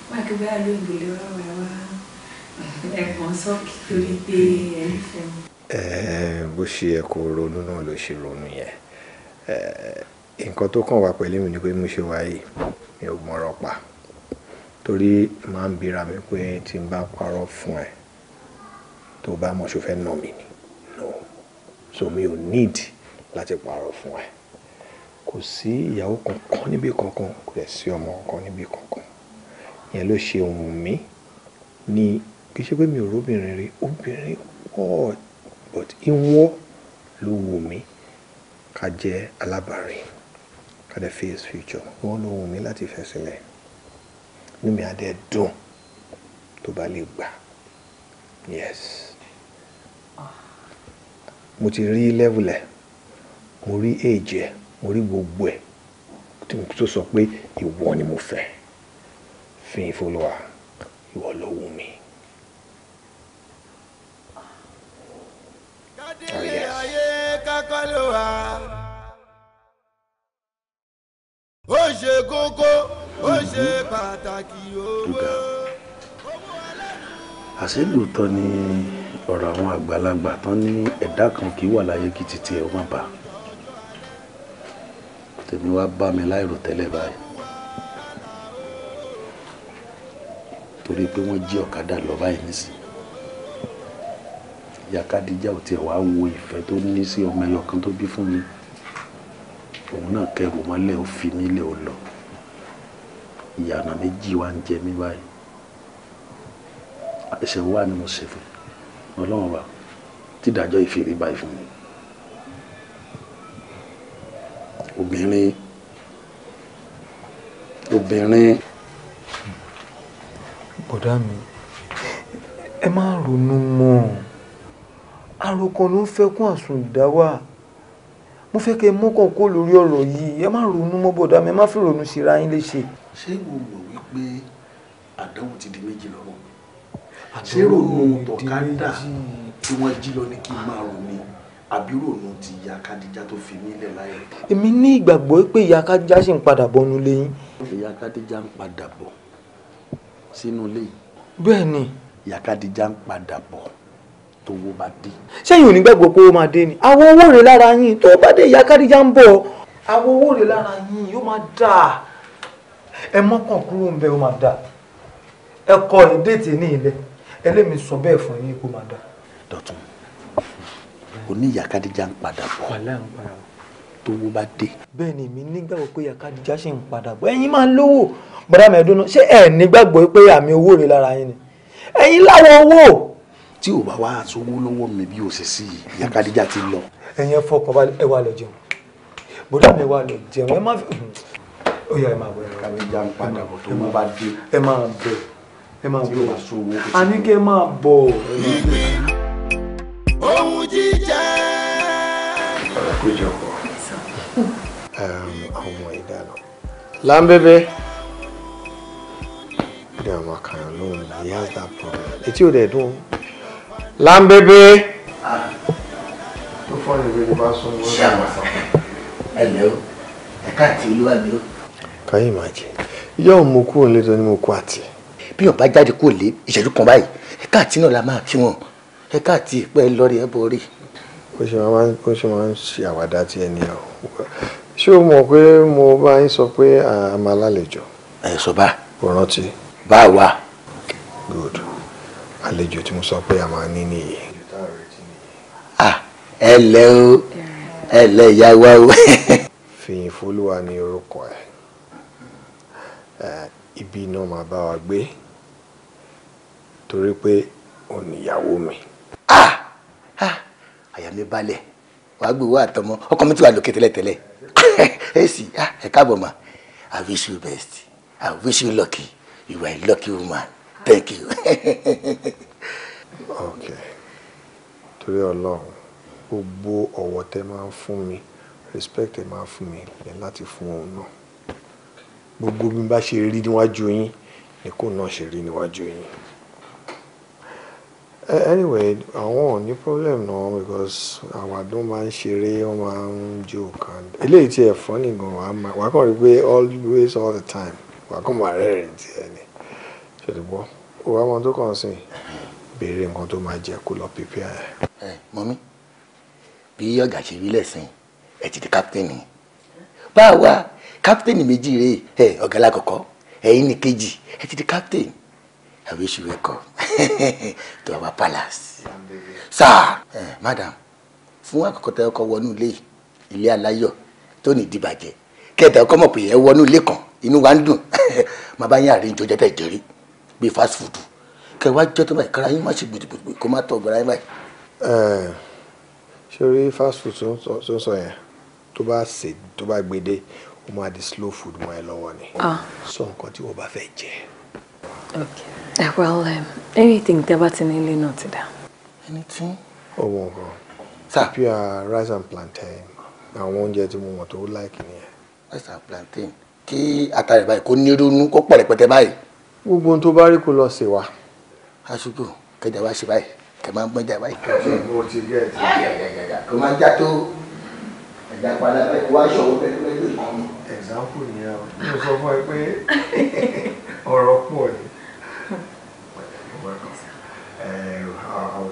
wọn àti bẹ́ẹ̀ ló ń gbélé wá wá wá ẹ̀gbọ́n sọ́ọ̀kì torí pé ẹ̀rí fẹ́ mi. bó ṣe yẹ kó ronú náà ló ṣe ronú yẹn nǹkan tó kàn wá pẹ̀lú mi ni pé mo ṣe wáyé mi ò mọ̀rọ̀ pa torí máa ń bira mi pé tí n bá parọ́ fún ẹ tó bá mọ̀ ṣo fẹ́ nà mí ni no so mi ò need láti parọ́ fún ẹ kò sí ìyàwó kankan níbí kankan kò dẹ̀ sí ọmọ kankan níbí kankan ìyẹn ló ṣe wù mí ní kì í ṣe pé mi ò róbìnrin rí obìnrin pọ̀ but ìwọ́n ló wù mí ká jẹ́ alábàárìn ká dẹ̀ face future ìwọ́n ló wù mí láti fẹ́ sílẹ̀ inú mi á dẹ̀ dùn tó bá lè gbà yes mo ti rí level mo rí age ẹ̀ mo rí gbogbo ẹ̀ tó sọ pé ìwọ ni mo fẹ́ fi ìfolówà ìwọ ló wù mí. kádìlẹ̀ ah, ayé kákọ́ ló wà. ó ṣe kókó ó ṣe pàtàkì owó. àṣé ni ọ̀rọ̀ àwọn àgbàlagbà tán ní ẹ̀dá kan kì í wà láyé kí títí ẹ̀ wọ́n bá a tèmi wá bá mi láìròtẹ́lẹ̀ báyìí torí pé wọ́n jí ọ̀kadà lọ báyìí nísìn ìyá Kádíjà ò tiẹ̀ wáá wo ìfẹ́ tó ní sí ọmọ ẹyọ kan tó bí fún mi òun náà kẹrù mọ́lẹ̀ ó fi mí lé o lọ ìyànà méjì wá ń jẹ mí báyìí ẹsẹ̀ wá ni mo ṣe fún ọlọ́run wa tídàjọ́ ìfìrí báyìí fún mi. obìnrin obìnrin. bọ̀dá mi ẹ má ronú mọ́ àròkàn ló ń fẹ́kún àsùn ìdáwà mo fẹ́ kẹ́ ẹ mọ́kàn kó lórí ọ̀rọ̀ yìí ẹ má ronú mọ́ bọ̀dá mi ẹ má fi ronú síra yín léṣe. ṣé ìwọ mọ̀ wípé àdánwò ti di méjì lọ́rùn ṣé ronú tọ̀kádà tí wọ́n jí lọ ní kí n máa rò àbírònú ti ìyá Kádíjà tó fi mí lẹ̀ láyọ̀. èmi ní ìgbàgbọ́ pé ìyá Kádíjà sì ń padà bọ̀ nulẹ̀ yín. ìyá Kádíjà ń padà bọ̀ sínú ilé yìí. bẹ́ẹ̀ ni. ìyá Kádíjà ń padà bọ̀ tówó bá dé. sẹ́yìn ò ní gbàgbọ́ pé ó máa dé ni àwọn owó rẹ̀ lára yín tó bá dé ìyá Kádíjà ń bọ̀ àwọn owó rẹ̀ lára yín yóò máa dà ẹ mọ́kàn kúrò ń bẹ ó máa dà ẹ kọ ẹ̀ déètì ní ilẹ̀ ẹlẹ́mi sọ bẹ́ẹ̀ fún yín kó máa dà. dọ̀tun ní ìyá Kádíjà ń padà bọ̀ tówó bá dé. bẹ́ẹ̀ ni mi nígbàgbọ́ pé ìyá Kádíjà ṣì ń padà bọ̀ ẹ̀yin máa ń lówó bọ́dà mẹ́ẹ̀ẹ́dọ́nà ṣé ẹ̀ nígbàgbọ́ pé àmì owó rẹ̀ lára yín ni ẹ̀yin láwọ̀ owó tí ò bá wá aṣọ́wó lọ́wọ́ mi bí o ṣe sí i ìyá Kadija ti lọ. ẹ̀yin fọkàn balẹ̀ ẹ wá lọ jẹun bódà mi wá lọ jẹun ẹ má fi ó yá ẹ máa bọ̀ ẹ ń padà bọ̀ tó bá dé ẹ máa bọ̀ ẹ máa bọ̀ àní máa bọ̀. ohun jí àkójọpọ̀ um, àwọn he has that problem etí ò dẹ̀ dùn láńbẹ́bẹ́. Ah, tó can you imagine ìyá òun mo kúrò nílé tó ní mo kú àti. bí ọba jáde kúrò lé ìṣẹ́jú kan báyìí ẹ̀ka àti náà la máa fi wọn ẹ̀ka àti ìpẹ́ lọ́ọ̀rì ẹ̀ bọ̀ rí bó ṣe máa ń bó ṣe máa ń ṣe àwàdà tí ẹni ọ ṣé o mọ̀ pé mo bá yín sọ pé a máa lálejò. ẹ bá. kò rántí. bá a wà. good àlejò tí mo sọ pé a máa ní nìyí. ah ẹ lẹ o ẹ lẹ ìyá wa o. fìyìn folúwa ní orúkọ ẹ ibi náà máa bá wa gbé torí pé òun ìyàwó mi. ah ah àyà mi balẹ̀ wàá gbé owó àtọmọ ọkọ mi ti wà lókè tẹ́lẹ̀tẹ́lẹ̀ ẹ sì ẹ káàbọ̀ ma I wish you best I wish you lucky you are a lucky woman thank you. ok torí Ọlọ́run gbogbo ọ̀wọ̀ tẹ máa ń fún mi respect ẹ máa fún mi ní láti fún òun náà gbogbo bí n bá ṣe rí níwájú yín ni kò náà ṣe rí níwájú yín. Eh, anyway àwọn ò ní problem náà because àwọn àdó máa ń ṣeré wọn máa ń joke and eléyìí tí ẹ funny gan wàá kàn rí pé always all the time wàá kàn máa rẹ́rìn tí ẹ ní ṣèlúbọ́ ó wá wọn tó kàn sí béèrè nǹkan tó máa jẹ kó lọ pípẹ́ ẹ. ẹ eh, mọ́mí bí ọ̀gá ṣe rí lẹ́sìn ẹ ti di kápítẹ́nì báwa kápítẹ́nì méjì rèé ẹ eh, ọ̀gá lákọ̀ọ́kọ́ ẹ̀yin ní kejì ẹ ti di kápítẹ́nì I wish you wake up to our palace. Sir, eh, madam, fún àkọ́kọ́ tẹ́ ọkọ̀ wọnú ilé ilé aláyọ̀ tó ní ìdìbàjẹ́ kẹta ọkọ̀ mọ̀ pé ẹ wọnú ilé kan inú wa ń dùn màá bá yín àárín ìjọ jẹ́tẹ̀ jẹ́rí bíi fast food kẹ wá jọ́ tó báyìí kára yín má ṣe gbìdìgbìdì kó má tọ̀ ọ̀gbọ̀n ráyìn báyìí. Eh, ṣé orí fast food tó ń sọ yẹn tó bá ṣe tó bá gbede ó máa di slow food mọ́ ẹ lọ́wọ́ ni ah. sọ nǹkan tí wọ́n bá fẹ́ jẹ. Okay. Well, um, anything tẹ́ bá ti nílé náà ti dá. Anything? Ọwọ́ nǹkan. Sir. Pia rice and plantain. Àwọn oúnjẹ tí mo mọ̀ tó láìkì nìyẹn. Rice and plantain. Kí àtàrẹ̀ báyìí kó nírúnú kó pọ̀ rẹpẹtẹ báyìí. Gbogbo ohun tó bá rí kó lọ sí wa. Aṣojú kẹjà wá ṣe báyìí kẹ máa ń gbọ́njà báyìí. Ọ̀sẹ̀ mo ti gẹ̀ ẹ́ ti. Kò máa já tó ẹ̀dá padà bẹ́ẹ̀ wá ṣọ̀wọ́ pẹ̀lú ẹ̀dùn ìkànnì. Ẹ̀sáǹpù nìyẹn o. Mo sọ fún ẹ pé ọ̀rọ̀ pọ̀ ni.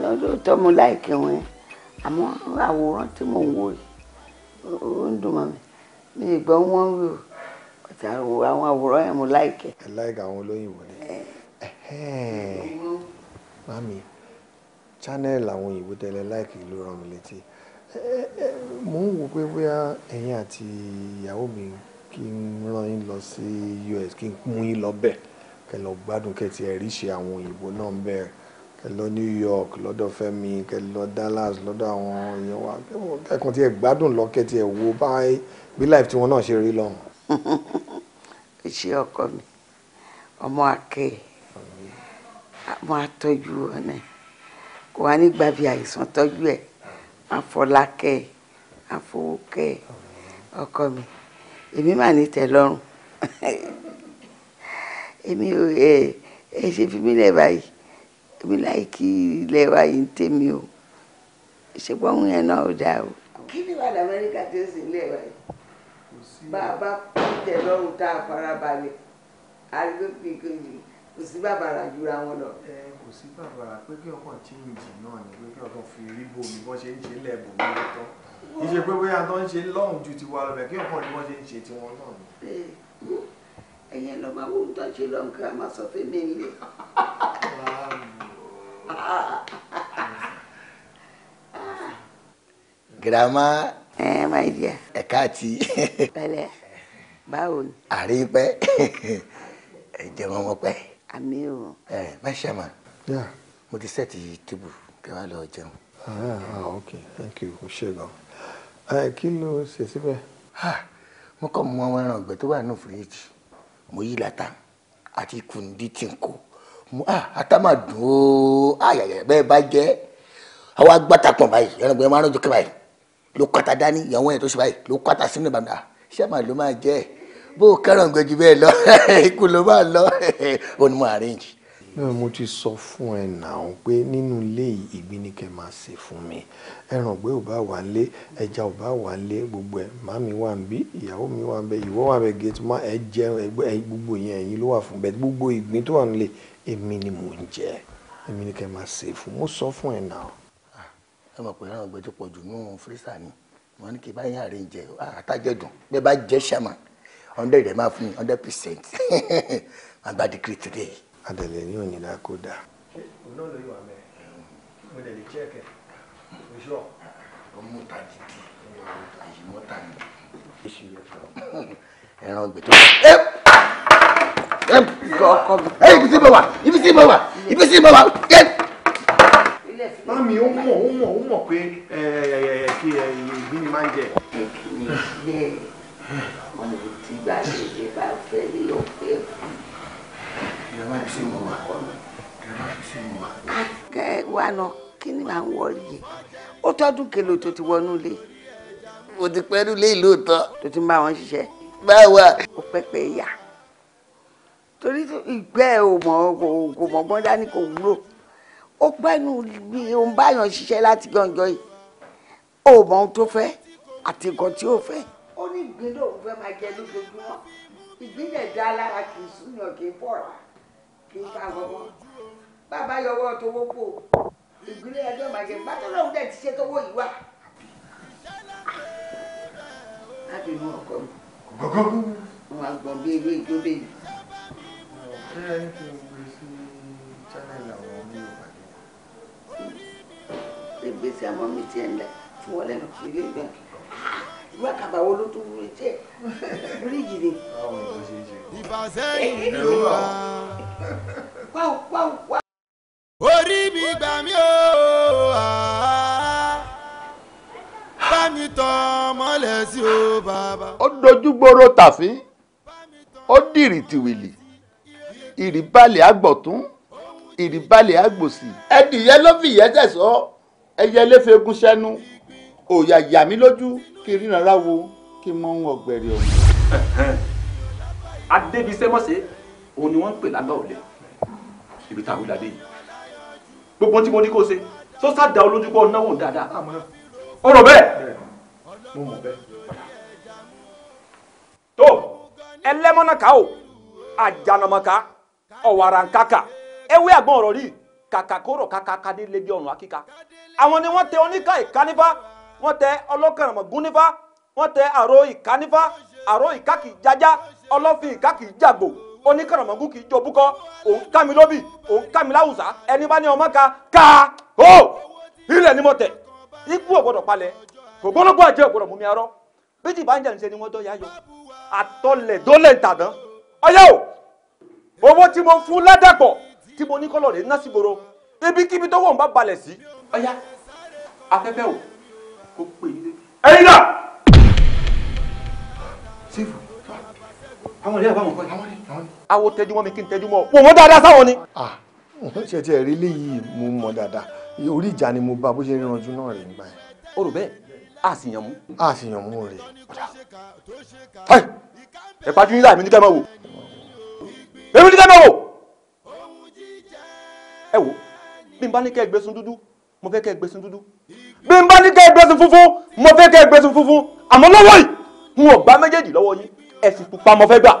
lóòótọ́ mo láìkẹ́ wọn àmọ́ àwòrán tí mò ń wò yìí ó ń dùn mọ́ mi mi ìgbọ́n wọn wí o ọ̀tí àwọn àwòrán yẹn mo láìkẹ́. ẹ láìka àwọn olóyìnbó ni eh. mami channel àwọn òyìnbó tẹ́lẹ̀ láìkì ló rán mi létí mo ń wò pé bóyá ẹ̀yin àti ìyàwó mi kí n rán yín lọ sí US kí n mú yín lọ bẹ̀ kẹ́ lọ gbádùn kẹ́ ti ẹ̀rí ṣe àwọn òyìnbó náà ń ẹ lọ New York lọ́dọ̀ Fẹ́mi kẹ lọ Dallas lọ́dọ̀ àwọn èèyàn wa kẹkàn tí ẹ gbádùn lọkẹ tí ẹ wo báyìí bí life tí wọn náà ṣe rí lọ́hùn. ìṣe ọkọ mi ọmọ akẹ́ àwọn atọ́jú ọ̀nà kò wá nígbà bí àìsàn tọ́jú ẹ̀ àfọlákẹ́ àfọwọ́kẹ́ ọkọ mi èmi mà ní tẹ́lọ́rùn èmi ò ẹ ẹ ṣe fi mí lẹ̀ báyìí èmi láìkí ilé wa yìí ń tèmi o ìṣèpọ̀ ohun yẹn náà ò dáa o. kí ni wàá lamẹ́ríkà tí ó sì ilé wa yìí bá a bá tẹ̀ lọ́rùn tá a fara balẹ̀ a rí pé kí kò sí bàbàrà jura wọn lọ. ẹ kò sí bàbàrà pé kí ọkàn chíńjì náà ni pé kí ọkàn fi rí bomi bọ́n ṣe ń ṣe lẹ́ẹ̀bùn mi lọ́tọ́ kì í ṣe pé bóyá tó ń ṣe lọ́hùn ju tiwa lọ bẹ̀ kí ọkàn ni wọ́n ṣe ń ṣe tiwọn náà ni. ẹ̀yin lọ́mọ wo ń tọ́jú lọ́nkà máa sọ fún mi nílé. Grandma. ẹ máa di ẹ. ẹ káàtì. pẹ̀lẹ́ báwo ni. àrí pẹ ẹ jẹun ọmọ pẹ. àmì o. ẹ máṣe mà. mo ti sẹ́ẹ̀tì tébù kí wàá lọ jẹun. Ah, ah ok thank you o ṣe gan. ẹ kí ló ṣe síbẹ̀. mo kọ́ mu àwọn ẹran ọ̀gbẹ́ tó wà ní fìríjì mo yí lata àti kùndí tí n kò àtàmàdùn ah, ó àyàyà ah, bẹ́ẹ̀ bá jẹ́ àwa gbàtàkùn báyìí ẹran gbẹ̀rẹ̀ márùn jókè báyìí ló kọ́ta dání ìyàwó ẹ̀ tó ṣe báyìí ló kọ́ta sínú ìbàdàn ah, ṣẹ́mà ló máa jẹ́ bó o kẹ́ràn gbẹ̀jú bẹ́ẹ̀ lọ ikú ló máa lọ ó ní arrange. náà mo ti sọ fún ẹ náà pé nínú ilé yìí ìgbín ni kẹ́ máa ṣe fún mi ẹran gbé ò bá wà lé ẹja ò bá wà lé gbogbo ẹ má mi wà ń bí ìyàwó mi wà ń bẹ ìwọ wà ń bẹ gẹ̀ẹ́tì ẹ jẹun gbogbo yẹn ẹ̀yin ló wà fún bẹ́ẹ̀ gbogbo ìgbín tó wà nílé èmi ni mò ń jẹ èmi ni kẹ́ máa ṣe fún mo sọ fún ẹ náà. Ah, ẹ mọ̀ pé ẹran ọ̀gbẹ́jọ́ pọ̀ jù nínú fírísà ni wọ́n ní kí n bá yín àárẹ̀ jẹ àtàjẹ̀dùn bí ẹ bá jẹ́ ṣàmà hundred rẹ̀ máa fún mi hundred percent máa gba degree today. adẹlẹ ní òní la kó dà. ṣé òun náà ló yọ àmẹ mo lè lè check ẹ ojú ah, ọmọ ta ẹran ọ̀gbẹ́jọ́ ẹ ibi tí mo wà ibi tí mo wà ibi tí mo wà ẹ. mami ó mọ̀ ó mọ̀ ó mọ̀ pé kí ìgbín ni máa ń jẹ. ọmọ tí gbàdúrà bá fẹ́ lọ fẹ́ kú. ìjọba ti ṣe mọ̀ wá ìjọba ti ṣe mọ̀ wá. akẹ́ wa náà kí ni à ń wọrí yìí ó tọ́dún kelo tó ti wọnú ilé. mo ti pẹ́rù lé ìlú òótọ́. tó ti ń bá wọn ṣiṣẹ́. báwa. ó pẹ́pẹ́ yà torí ìgbẹ́ ò mọ̀ kò mọ̀gbọ́n dání kò wúlò ó gbẹ́nu bí òun báyọ̀ ṣiṣẹ́ láti gànjọ́ yìí ó mọ ohun tó fẹ́ àti nǹkan tí ó fẹ́. ó ní ìgbín lòun fẹ́ máa jẹ lójoojúmọ́ ìgbín lè dá lára kì í súnyàn kì í bọ̀rà kì í ta gbọ́gbọ́ bàbá yọwọ́ tó wọ́pọ̀ ìgbín lè ẹjọ́ máa jẹ bàtọ́ lòun dẹ̀ ti ṣe tówó yìí wá. láti inú ọkọ mi. gbọ́gbọ́gbọ́. wọ́n á gbọ́n bí ewé ìjọba yìí ṣé ẹni tí mo gbé mi tiẹ̀ ń lẹ̀ fún wọn lẹ́nu kiri ìgbà ìlú àkàbà wo ló tún wúre tiẹ̀ bíríìjì ni. ìfàsẹ́yìn ló wà. wáwù wáwù wá. orí mi gbà mí o bá mi tàn mọ́lẹ̀ o bàbá. ó dojú gbòòrò tàfin ó dìrì tìwìlì ìrìbàlẹ̀ àgbọ̀tún ìrìbàlẹ̀ àgbòsì. ẹdìyẹ ló fi ìyẹn tẹ̀sọ́ ẹyẹ lẹ́fẹ̀ẹ́gún sẹ́nu òòyà yà mí lójú kí ríran ra wo kí n mọ ohun ọ̀gbẹ̀rẹ̀ ọ̀hún. adébísẹ́mọ̀sẹ́ òun ni wọ́n ń pè lágbà ọ̀lẹ́ ibi táwọn ìlàdé yìí gbogbo tí mo ní kó ṣe tó sáda olójú pọ̀ náwó dáadáa ọ̀rọ̀ bẹ́ẹ̀ mo mọ̀ bẹ́ẹ̀. tó ẹlẹ́mọ̀nàká o àjànàmọ̀ká. ọ̀wàrà nkàkà ewé àgbọn ọ̀rọ̀ rí kàkà kóró kàkàkà ní lébi ọ̀run akíka àwọn ni wọ́n tẹ oníkà ìkánífà wọ́n tẹ ọlọ́kànmọ̀gún nífà wọ́n tẹ àrò aro àrò ìkákì jájá ọlọ́fin ìkákì jàgbò oníkànmọ̀gún kì í jó òun kámi lóbì òun kámi láwùsà ẹni bá ní ọmọ ká o ilẹ̀ ni mo tẹ̀ ikú ògbọ́dọ̀ palẹ̀ àjẹ́ ni owó tí mo fún ládàpọ̀ tí mo ní kọ́lọ̀ rẹ̀ ná sígboro ibikíbi tó wọ̀n bá balẹ̀ sí. ọ̀ya afẹ́fẹ́ o kò pè é ẹyin náà. sífù àwọn ilé àbáwọn kọ́ àwọn ilé. awo tẹjú mọ́ mi kí n tẹjú mọ́ wò wọ́n dáadáa sáwọn ni. ṣe tiẹ̀ rí léyìí mo mọ̀ dáadáa orí ìjà ni mo bá bó ṣe ríranjú náà rè nígbà yẹn. o rò bẹ́ẹ̀ a sì yàn mú. a sì yàn mú rè. ẹ pàjù yín láì mi ní kẹ́ máa wò èmi ní sẹ́dọ̀ wò. ẹ wo bí n bá ní kẹ́ ẹ gbẹ́sùn dúdú mo fẹ́ kẹ́ ẹ gbẹ́sùn dúdú bí n bá ní kẹ́ ẹ gbẹ́sùn funfun mo fẹ́ kẹ́ ẹ gbẹ́sùn funfun àmọ́ lọ́wọ́ yìí n ò gbá méjèèjì lọ́wọ́ yín ẹ̀sìn pupa mo fẹ́ gbà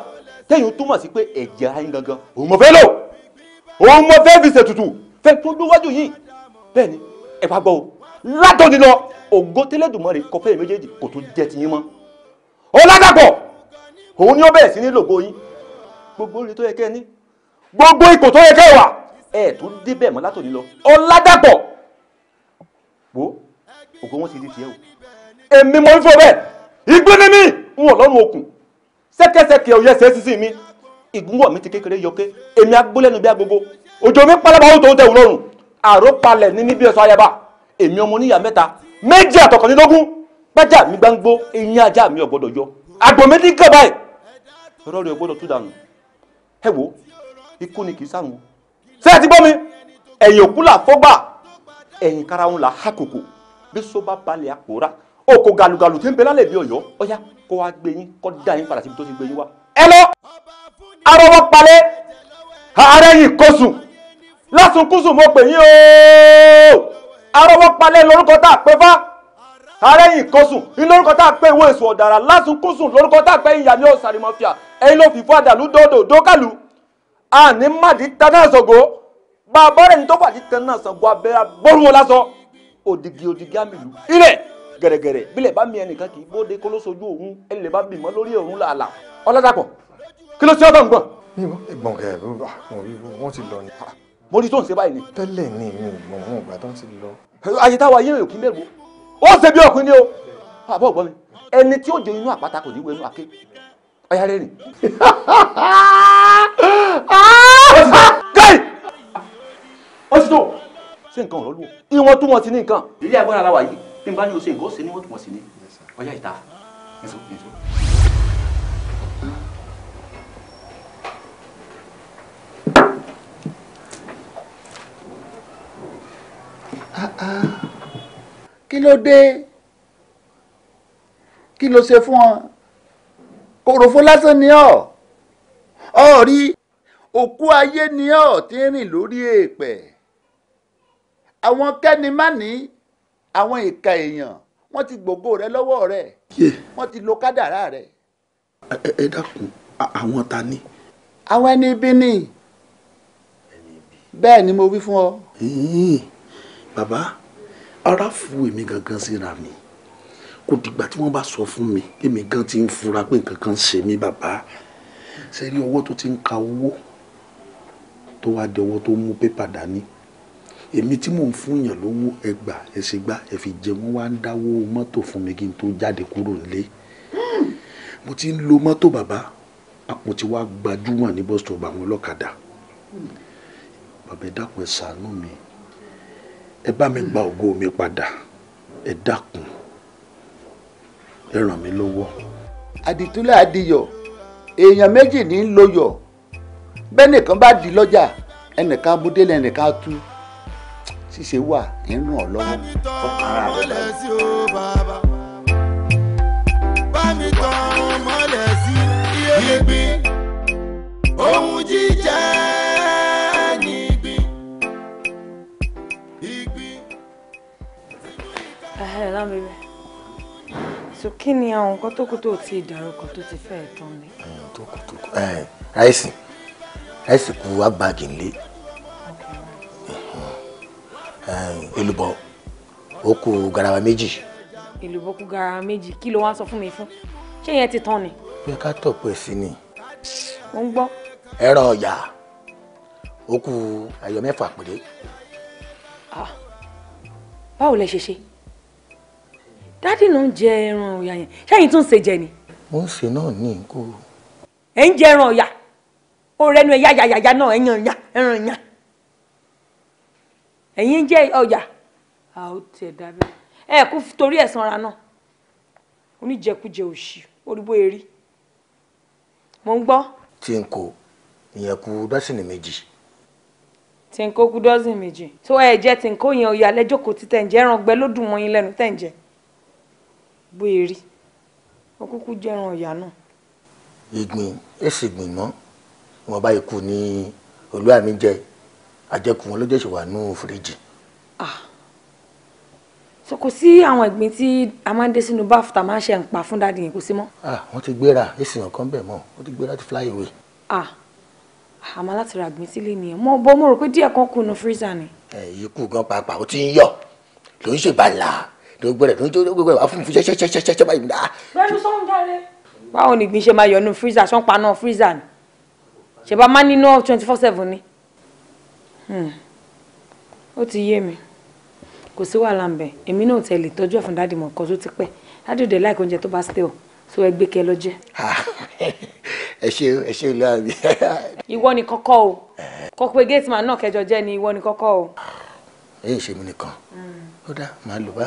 tẹ́yìn túmọ̀ sí pé ẹ̀jẹ̀ ayé gangan òun mo fẹ́ lò òun mo fẹ́ fi ṣètùtù fẹ́ tó dúwájú yìí bẹ́ẹ̀ ni ẹ wá gbọ́ o látọ̀ni lọ ògo tẹ́lẹ̀dùmọ́ kọfẹ́ méjèèjì kò tún jẹ́ tiyín mọ́ ọ̀làdàpọ̀ òun ni ó bẹ̀rẹ̀ sí ní lògo yín gbogbo orí tó yẹ kẹ́ ẹ ní gbogbo ipò tó yẹ kẹ́ ẹ wà ẹ tó débẹ̀ mọ́ látòní lọ ọ̀làdàpọ̀ wo ògo wọn ti di tiẹ̀ o èmi mọ̀ fífọ́ bẹ́ẹ̀ igbó ni mí ń wọ̀ lọ́rùn okùn sẹ́kẹ́sẹ́kẹ́ òye ṣe sísìn mi ìgúnwọ̀ mi ti kékeré yọké èmi agbólẹ́nu bí agogo òjò mi pálábà ó tòun tẹ̀wù lọ́rùn àròpalẹ̀ ní mi bí ẹ̀sọ́ ayaba èmi ọmọ oníyà mẹ́ta méjì àtọkànlélógún gbájà mi gbáǹgbó eyín ajá mi ò gbọ́dọ̀ yọ àgbò méjì gẹ̀ báyìí rọ́ọ̀rì ò gbọ́dọ̀ tú dànù ẹ wo ikú ni kì í sàrùn ṣé ẹ ti gbọ́ mi ẹ̀yìn òkú là fọ́gbà ẹ̀yìn karahun là hákòkò bí so bá balẹ̀ àpòrá oko gàlùgàlù tí ń bẹ lálẹ́ bí ọ̀yọ́ ọ̀yá kó wá gbé yín kó dá yín padà síbi tó ti gbé yín wá. ẹ lọ arọwọ palẹ ààrẹ yìí kọsùn lásùnkúsùn mo pè yín o arọwọ palẹ lórúkọ tá a pè fá arẹ́yìn kọ́sùn ní lórúkọ tá a pé ìwé èso ọ̀dàrà lásùn kùsùn lórúkọ tá a pé ìyá ní ọ̀sàrì mọ́fíà ẹ̀yin ló fìfọ́ àdàlú dòdò dókàlù àní màdí taná sọ̀gọ́ bá a bọ́rẹ̀ ní tó fàdí taná sọ̀gọ́ abẹ́rẹ́ bọ́rùn wọn lásọ òdìgí òdìgí àmìlú ilẹ̀ gẹ̀rẹ́gẹ̀rẹ́ bílẹ̀ bá mi ẹnìkan kì í bóde kó ló sojú òun ẹlẹ́ bá bìmọ́ lórí òun làlà ọlọ́dàpọ̀ kí ló ṣe ọ́ tó ń gbọ̀n. ìgbọ̀n kẹ̀ wọ́n ti lọ ni. mo rí tó ń ṣe báyìí ni. tẹ́lẹ̀ ni mi ìgbọ̀n mú ìgbà tó ń ti lọ. àyè táwa yẹn ò kí ó ṣe bí òkun ni o àbọ̀ ògbọ́n mi ẹni tí ó jẹ inú àpáta kò ní wọ inú àké ọ̀yá rẹ̀ rìn. gáì ó sì tó ṣe nǹkan ọ̀rọ̀ lù ìwọ̀n tún wọn sí ní nǹkan. ilé agbára la wà yìí bí n bá ní o ṣe nǹkan ó ṣe ní wọ́n tún wọn sí ní ọ̀yá ìta ẹ̀sọ́ ẹ̀sọ́. Ah ah kí ló dé kí ló ṣe fún ọ kòròfó lásán ni ọ ọ rí òkú ayé ni ọ ti ń rìn lórí èèpẹ̀ àwọn kẹ́ni má ní àwọn ìka èèyàn wọ́n ti gbògo rẹ lọ́wọ́ rẹ wọ́n ti lo kádàrá rẹ. ẹ dákun àwọn ta ni. àwọn ẹni ibi ni bẹ́ẹ̀ ni mo wí fún ọ. bàbá. Mm-hmm ara fu èmi gangan síra mi kò dìgbà tí wọ́n bá sọ fún mi èmi gan ti ń fura pé nǹkan kan ṣe mí bàbá ṣe rí ọwọ́ tó ti ń ka owó tó wá di ọwọ́ tó mú pépà dání èmi tí mò ń fún yàn lówó ẹgbà ẹsẹgbà ẹfi jẹ wá ń dáwó mọ́tò fún mi kí n tó jáde kúrò nílé mo ti ń lo mọ́tò bàbá mo ti wá gbajúmọ̀ ní bọ́sítọ̀ àwọn ọlọ́kadà bàbá ẹ dákun ẹ ṣàánú mi ẹ bá mi gba ògo mi padà ẹ dákun ẹ ràn mí lọ́wọ́. àdìtúlẹ̀ adìyọ̀ èèyàn méjì ní í lóyọ̀ bẹ́ẹ̀ nìkan bá di lọ́jà ẹnìkan amúdélé ẹnìkan tú ṣíṣe wà nínú ọlọ́run ọkàn ara rẹ̀ lọ. mọ́lẹ̀ sí iye gbin ohun jíjẹ. lámìrẹ so kí ni àwọn nǹkan tó kù tó ti ìdàrúkọ tó ti fẹ́ tán ni. tó kù tó kù ráìsì ráìsì kù wá báàgì ńlé èlùbọ́ ó kù garawa méjì. èlùbọ́ kù garawa méjì kí ló wá sọ fún mi fún ṣé yẹn ti tán ni. bí ká tọ̀ pé sí ni. mo ń gbọ́. ẹran ọ̀yà ó kù ayọ̀ mẹ́fà péré. Ah. báwo lẹ ṣe ṣe dádì náà ń jẹ ẹran ọ̀yà yẹn ṣẹ́yìn tún ṣe jẹ ni. mo ń ṣe náà ní ìkó. ẹ ń jẹ ẹran ọ̀yà ó rẹnu ẹ̀yà yàyàyà náà ẹ̀yàn ọ̀yà ẹran ọ̀yà ẹ̀yìn ń jẹ ọ̀yà a ó tiẹ̀ dábẹ́ ẹ kú torí ẹ̀ sanra náà oníjẹkújẹ òṣì orígbó erí mo ń gbọ́. tí n kò ìyẹn kú dọ́sìnì méjì. tí n kó kú dọ́sìnì méjì tó ẹ jẹ́ tí n kó yẹn ọ̀yà lẹ́jọ́ kò ti tẹ̀ ń jẹ́ ẹran gbẹ lódùn mọ́yìn lẹ́nu tẹ̀ ń jẹ́ bó e rí ó kúkú jẹ́ran ọ̀yà náà. ìgbìn èsì gbìn mọ́ wọn bá ikú ní olúwa mi jẹ àjẹkù wọn ló jẹ́ ṣèwà nù fíríjì. so kò sí àwọn ìgbín tí a máa ń dé sínú báfù máa ń ṣe àǹpa fún dáàdì yẹn kò sí mọ́. wọ́n ti gbéra èsì hàn kan bẹ̀ mọ́ wọ́n ti gbéra ti fly away. àmọ́ láti ra àgbín sílé nìyẹn mo bọ́ mo rò pé díẹ̀ kan kù fírísà ni. ẹ ikú gan pàápàá ó ti ń yọ ló ń dọgbẹrẹ tó ń jó dọgbẹrẹ wà fún fún ṣẹṣẹṣẹṣẹ báyìí náà. bẹ́ẹ̀ni sọhún jáde. báwo ni ìgbín ṣe máa yọnu freezer ṣọ́n pa náà freezer ni ṣe bá máa níná twenty four seven ni. Hmm. ó ti yé mi kò sí wàhálà ń bẹ o náà tẹ̀lé tọ́jú ẹ̀fọn dáàdì mọ̀ nǹkan tó ti pẹ́ dáàdì òde láìka oúnjẹ tó bá stay o so ẹ gbé kẹ lọ jẹ. ẹ ṣe e ṣe ìlú àbí. ìwọ ni kọ́kọ́ o kọ́kọ́ pé gate man náà kẹjọ jẹ́ ni ìwọ ni kọ́kọ́ o. èyí ṣe mi nìkan hmm. ó dá màá lò bá.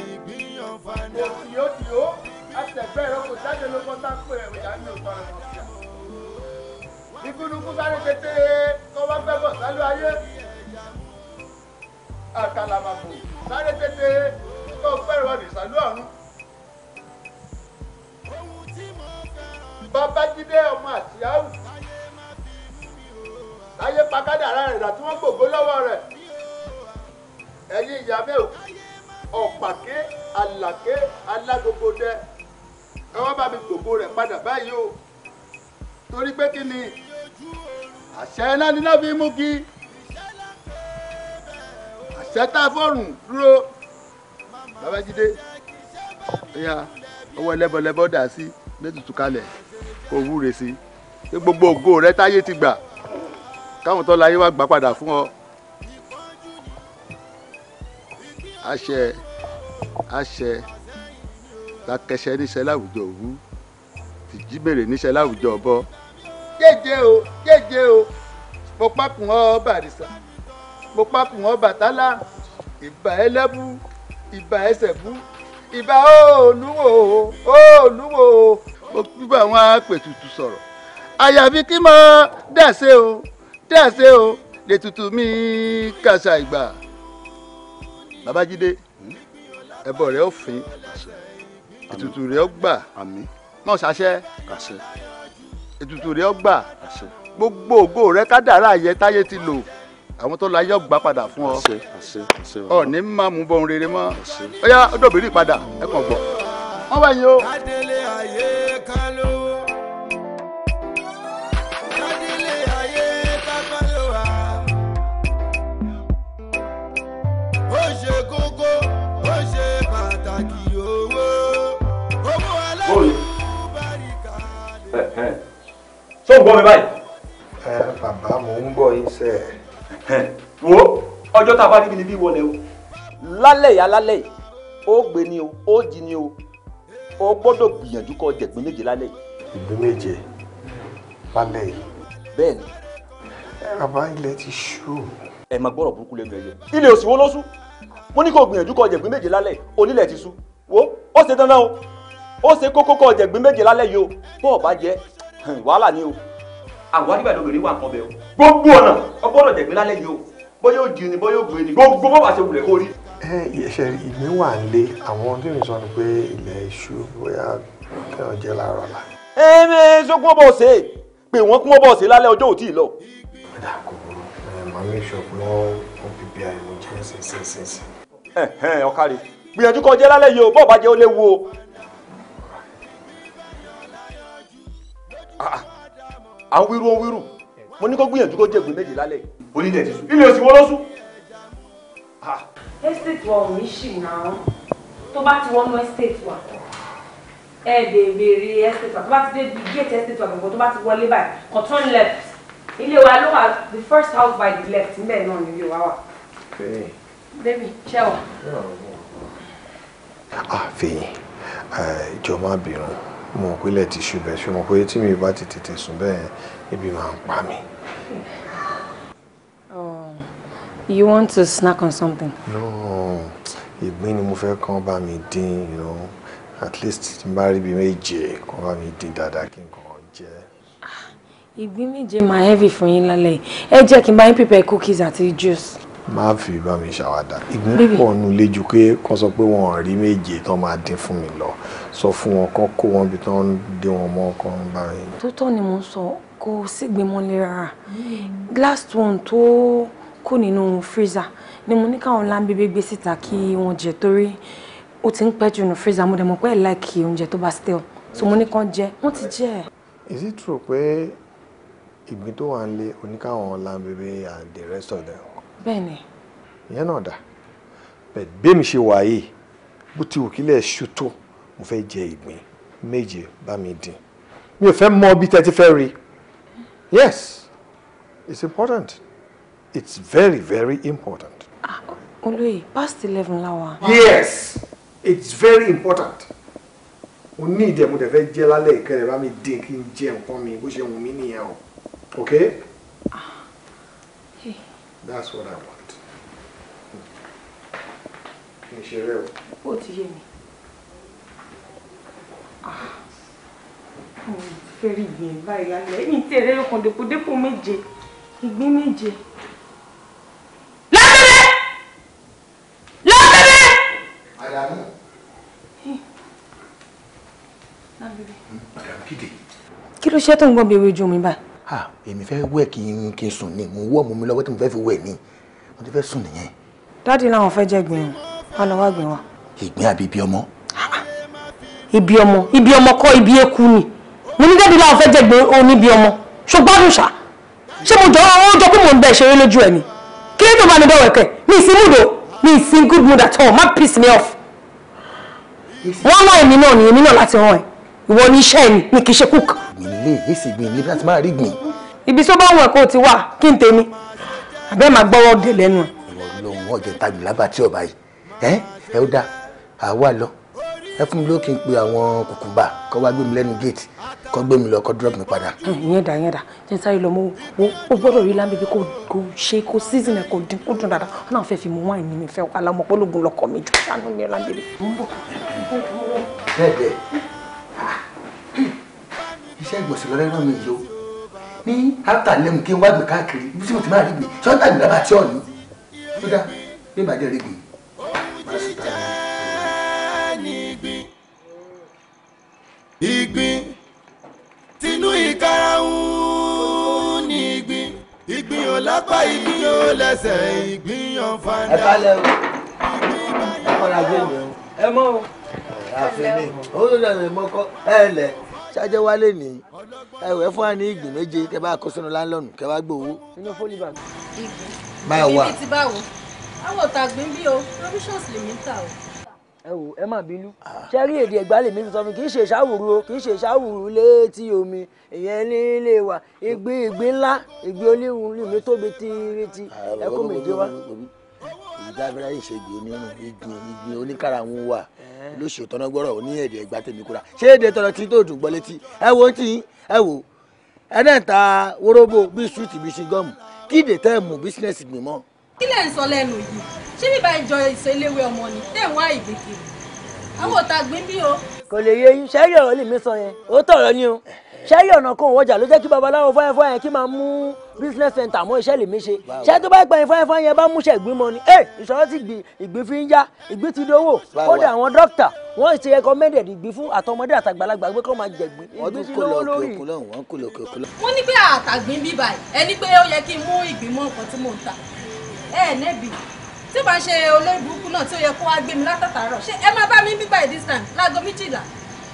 èmi òkú yóò dì ó àtẹ̀gbẹ́ rẹ kò jáde lóko tá a pè ẹ̀rù ìyá mi ò tọrọ mọ́ sí i. ìgúnnugú sáré kété tó wá fẹ́ bọ̀ sálú ayé àkàlàmàkò sáré kété tó fẹ́ràn ọ̀dì sálú ọ̀run. Babájídé ọmọ àtìyáwó láyé ọ̀pàké alàké alágogodẹ ẹ wá bá mi gbogbo rẹ̀ padà báyìí o torí pé kí ni àṣẹ ńlá ni náà fi mú kí àṣẹ tá a fọrùn dúró babájídé ẹyà ọwọ́ ẹlẹ́bọ̀lẹ́bọ̀ dà sí létùtù kalẹ̀ kó wúre sí gbogbo ògo rẹ̀ táyé ti gbà káwọn tó láyé wá gbà padà fún ọ. àṣẹ àṣẹ takẹsẹ níṣẹ́ láwùjọ òwú tìjíbèrè níṣẹ́ láwùjọ ọbọ. jẹ́jẹ́ o jẹ́jẹ́ o mo pákùn ọ bàrìsà mo pákùn ọ bàtálá ìbà ẹlẹ́bù ìbà ẹsẹ̀bù ìbà òòlùwò òòlùwò mo gbígbà àwọn apètùtù sọ̀rọ̀ àyàfi kí mo dàṣe o dàṣe o lè tutù mí kàṣà ìgbà babájídé ẹbọ rẹ ó fín ètùtù rẹ ó gbà mọ ṣàṣẹ ètùtù rẹ ó gbà gbogbo ògo rẹ kádàrá yẹ táyé ti lò àwọn tó láyé ọgbà padà fún ọ ọ ní má mú bọ ohun rere mọ ó yá ó dòbìrì padà ẹ kàn gbọ wọn bá yín o. So go me bye. Eh baba mo n ise yin se. Wo ojo ta ba bi wole o. Lale ya lale. O gbe ni o, o ji ni o. O gbodo gbiyanju ko je gbe meje lale. Gbe meje. Lale. ile ti shu. E ma gboro buruku le meje. Ile o si wo losu. Mo ni ko Onile ti su. Wo, o se dandan o. ó ṣe kókó kọ ọ̀jẹ̀gbín méje lálẹ́ yìí o bó o bá jẹ wàhálà ni o. àwọn adìbà lóbìnrin wà nǹkan bẹ o gbogbo ọ̀nà ọgbọ́dọ̀ jẹ̀gbín lálẹ́ yìí o bóyá ó di ni bóyá ó gbé ni gbogbo bó bá ṣe wulẹ̀ kó rí. ẹ ṣe ìgbín wà ń lé àwọn tí mi sọ ni pé ilẹ̀ iṣu bóyá kẹ́ ọ jẹ́ láàárọ̀ la. ẹ ẹ sọ kún ọbọ ọsẹ pé wọn kún ọbọ ọsẹ lálẹ́ ọjọ́ òtí lọ. padà kò burú ẹ máa make sure pé wọn ò bíbí àìmọ̀ jẹ́ ṣinṣinṣin. ẹ ẹ ọ̀kadì gbìyànjú kọjá lálẹ́ yìí o bọ́ọ̀ bá jẹ́ ó léwu o Ah, ah. à ń wíru ó wíru mo ní kó gbìyànjú kó jẹ̀gbìn méje lálẹ́ onílẹ̀ ti sùn ilé òsì wọ́n ló sùn. Ah. estate wa ò ní ṣì náà tó bá ti wọnú estate wa ẹ bèbèrè estate wa tó bá ti dé bi gate estate wa gbogbo tó bá ti wọlé báyìí kan turn left ilé wa ló wà the first house by the left ń bẹ̀ náà ní ilé wa wà. baby ṣé wà. àfihàn ìjọba bìrùn mo mọ̀ pé ilẹ̀ ti ṣe mọ̀ pé tí mi bá ti tètè sùn bẹ́ẹ̀ ebi máa ń pa mi. Oh, you want to snack on something? No, ìgbín ni mo fẹ́ kán bá mi dín, you know, at least tí n bá rí ibi méje kán bá mi dín dáadáa kí n kàn jẹ. Ah, ìgbín méje máa heavy fún yín lálẹ́ yìí. Ẹ jẹ́ kí n bá yín prepare cookies àti juice má fi bá mi ṣàwádà ìgbín pọ̀ nù léjù pé kàn sọ pé wọn rí méje tán máa dín fún mi lọ sọ fún wọn kán kó wọn bí tán ń dé wọn mọ́ kán bá mi. tó tọ́ ni mo sọ kó sígbín mọ́lẹ̀ rárá last tó kù nínú freezer ni mo ní káwọn láńbébé gbé síta kí wọ́n jẹ torí ó ti ń pẹ́ nù freezer mo dẹ̀ mọ̀ pé ẹ̀ láìkì oúnjẹ tó bá stale so mo ní kán jẹ wọ́n ti jẹ. is it true pé ìgbín tó wà ń lé oníkàwọn láńbébé and the rest of them bẹ́ẹ̀ni. ìyẹn náà dà bẹ́ẹ̀ bẹ́ẹ̀mi ṣe wàyè bó ti wù kílẹ̀ ṣú tó mo fẹ́ jẹ ìgbín méje bá mi dín mi ò fẹ́ mọ bí tẹ́tí fẹ́ rí yes it's important it's very very important. ah olóyè past eleven láwa. yes it's very important mo ní ìdẹ̀mú dẹ̀ fẹ́ jẹ́ lálẹ́ ìkẹrẹ̀ bá mi dín kí n jẹ nǹkan mi bó ṣe wù mí nìyẹn o okay that's what I want. kì í ṣe rẹ o. ó ti yé mi. Ah, fẹ́rí ìgbín báyìí lálẹ́ ẹ̀yìn tí ẹ̀rẹ́ ọkàn dèpòdépò méje ìgbín méje. lọ́sẹ̀rẹ̀ lọ́sẹ̀rẹ̀. àdàmú. kí ló ṣe tó ń gbọ́ bí ewé ojú mi báyìí ah èmi fẹ́ wẹ̀ kí n kí n sùn ni mo wọ́ ọmọ mi lọ́wọ́ tí mo fẹ́ fi wẹ̀ ni mo ti fẹ́ sùn nìyẹn. dáàdi làwọn fẹ́ jẹ́ gbìn wọn lọ wá gbìn wọn. ìgbín àbí ibi ọmọ. ibi ọmọ ibi ọmọ kọ́ ibi eku ni mo ní dáàdi làwọn fẹ́ jẹ́ gbìn oníbi ọmọ ṣùgbọ́n àdùn ṣá ṣé mo jọ ọ́ jọ pé mo ń bẹ ṣeré lójú ẹ̀ ni kí ló tó bá mi bẹ̀ wẹ̀kẹ̀ mi ì sí o mi ì sí good mood at all me off. wọ́n rán èmi náà nìyẹn mi náà láti rán ẹ̀ ìwọ ní iṣẹ́ mi ní kì í ṣe cook. ilé èsì gbìn ilé láti máa rí gbìn. ibi tó bá wọn ẹ̀kọ́ ti wà kí n tèmi àbẹ́ máa gbọ́wọ́ dè lẹ́nu ẹ̀. ọlọ́run ọ̀jẹ̀ tàbí lábà tí ọba yìí ẹ ẹ ó dáa àwa lọ ẹ fún mi lókè ń pe àwọn kùkùbà kó wá gbé mi lẹ́nu gate kó gbé mi lọ kó drop mi padà. ìyẹn dà ìyẹn dà jẹ́ sáré lọ mọ́ wo ó gbọ́dọ̀ rí lámbẹ́bí kò kò ṣe kò season ẹ̀ kò dín kò dùn dáadáa ó náà fẹ́ fi mú wáìn ní mi fẹ́ alámọ̀pọ̀lógún lọ́kọ̀ mi jù sánú mi lámbẹ́bí. bẹ́ẹ̀ bẹ́ẹ̀ iṣẹ́ ìgbọ̀nsẹ̀ lọ́rẹ́ ràn mí yìí o ní áfítà lẹ́mu kí n wá gbè káàkiri ibi tí mo ti máa rí gbè tí wọ́n lábàá tí ọ̀nì tó dá bí ìbàjẹ́ rí gbè. ìgbín tinú ìkarahun ni ìgbín ìgbín ò lápá ìgbín ò lẹ́sẹ̀ ìgbín yàn fanda. ẹ kálẹ̀ o ẹ kọ́ra gbé mi o ẹ mọ́ o àfẹ́lẹ́ o ṣáájẹ wálé ní ẹwẹ fún wa ní ìgbín méje kẹ bá kó sínú láńlọ́ọ̀nù kẹ wá gbowó. inú fólì bá mi. ìgbín báwo ti báwo àwọn òtàgbín bí o provisions lè mí tà o. ẹ wò ẹ má bínú ah. ṣe rí èdè ẹgbà lèmi sọ mi kì í ṣe ìṣàwòrú o kì í ṣe ìṣàwòrú létí omi ìyẹn nílé wa ìgbín ìgbín ńlá ìgbín oníhùn lèmi tóbi tí retí ẹkún mi dé wá ìdábẹ́rẹ́ ìṣègùn onírun igun igun oníkàrà ń wà lóṣù tọ́nà gbọ́rọ̀ ní èdè ẹ̀gbá tèmi kúra ṣé èdè tọ́nà tí tó dùn gbọ́ létí ẹ wo ń ẹ wo ẹ̀dá ta wóróbó bíi súwìtì bíi ṣingọ́ọ̀mù kí ìdè tẹ́ mú bísínẹ́sì gbìn mọ́. kí lẹ̀ sọ lẹ́nu yìí ṣé bíbá ìjọ ìṣẹ́léwé ọmọ ni tẹ̀ wá ìgbèkè àwọn ò ṣẹ́yìn ọ̀nà kan òwọ́jà ló jẹ́ kí babaláwo fáyẹ́fọ́ yẹn kí máa mú business center mọ́ iṣẹ́ mi ṣe ṣé tó bá pẹ́ fáyẹ́fọ́ yẹn bá múṣẹ́ ìgbín mọ́ ni ẹ eh, ìṣòro ti gbìn ìgbín fi ń yá ìgbín ti dówó kódà àwọn dókítà wọ́n ti recommended ìgbín fún àtọmọdé àtàgbàlagbà pé kó máa jẹ ìgbín ìgbín ti lówó lórí. wọ́n ní pé àtàgbín bí báyìí ẹni pé ó yẹ kí n mú ìgbín mọ́ nǹkan tí mò ta ẹ nẹ́bi tí ó bá ṣe olórí burúkú náà tí ó yẹ kó wá gbé mi látàtàárọ̀ ṣé ẹ má bá mi bíbá ẹ̀ this time láago méjìlá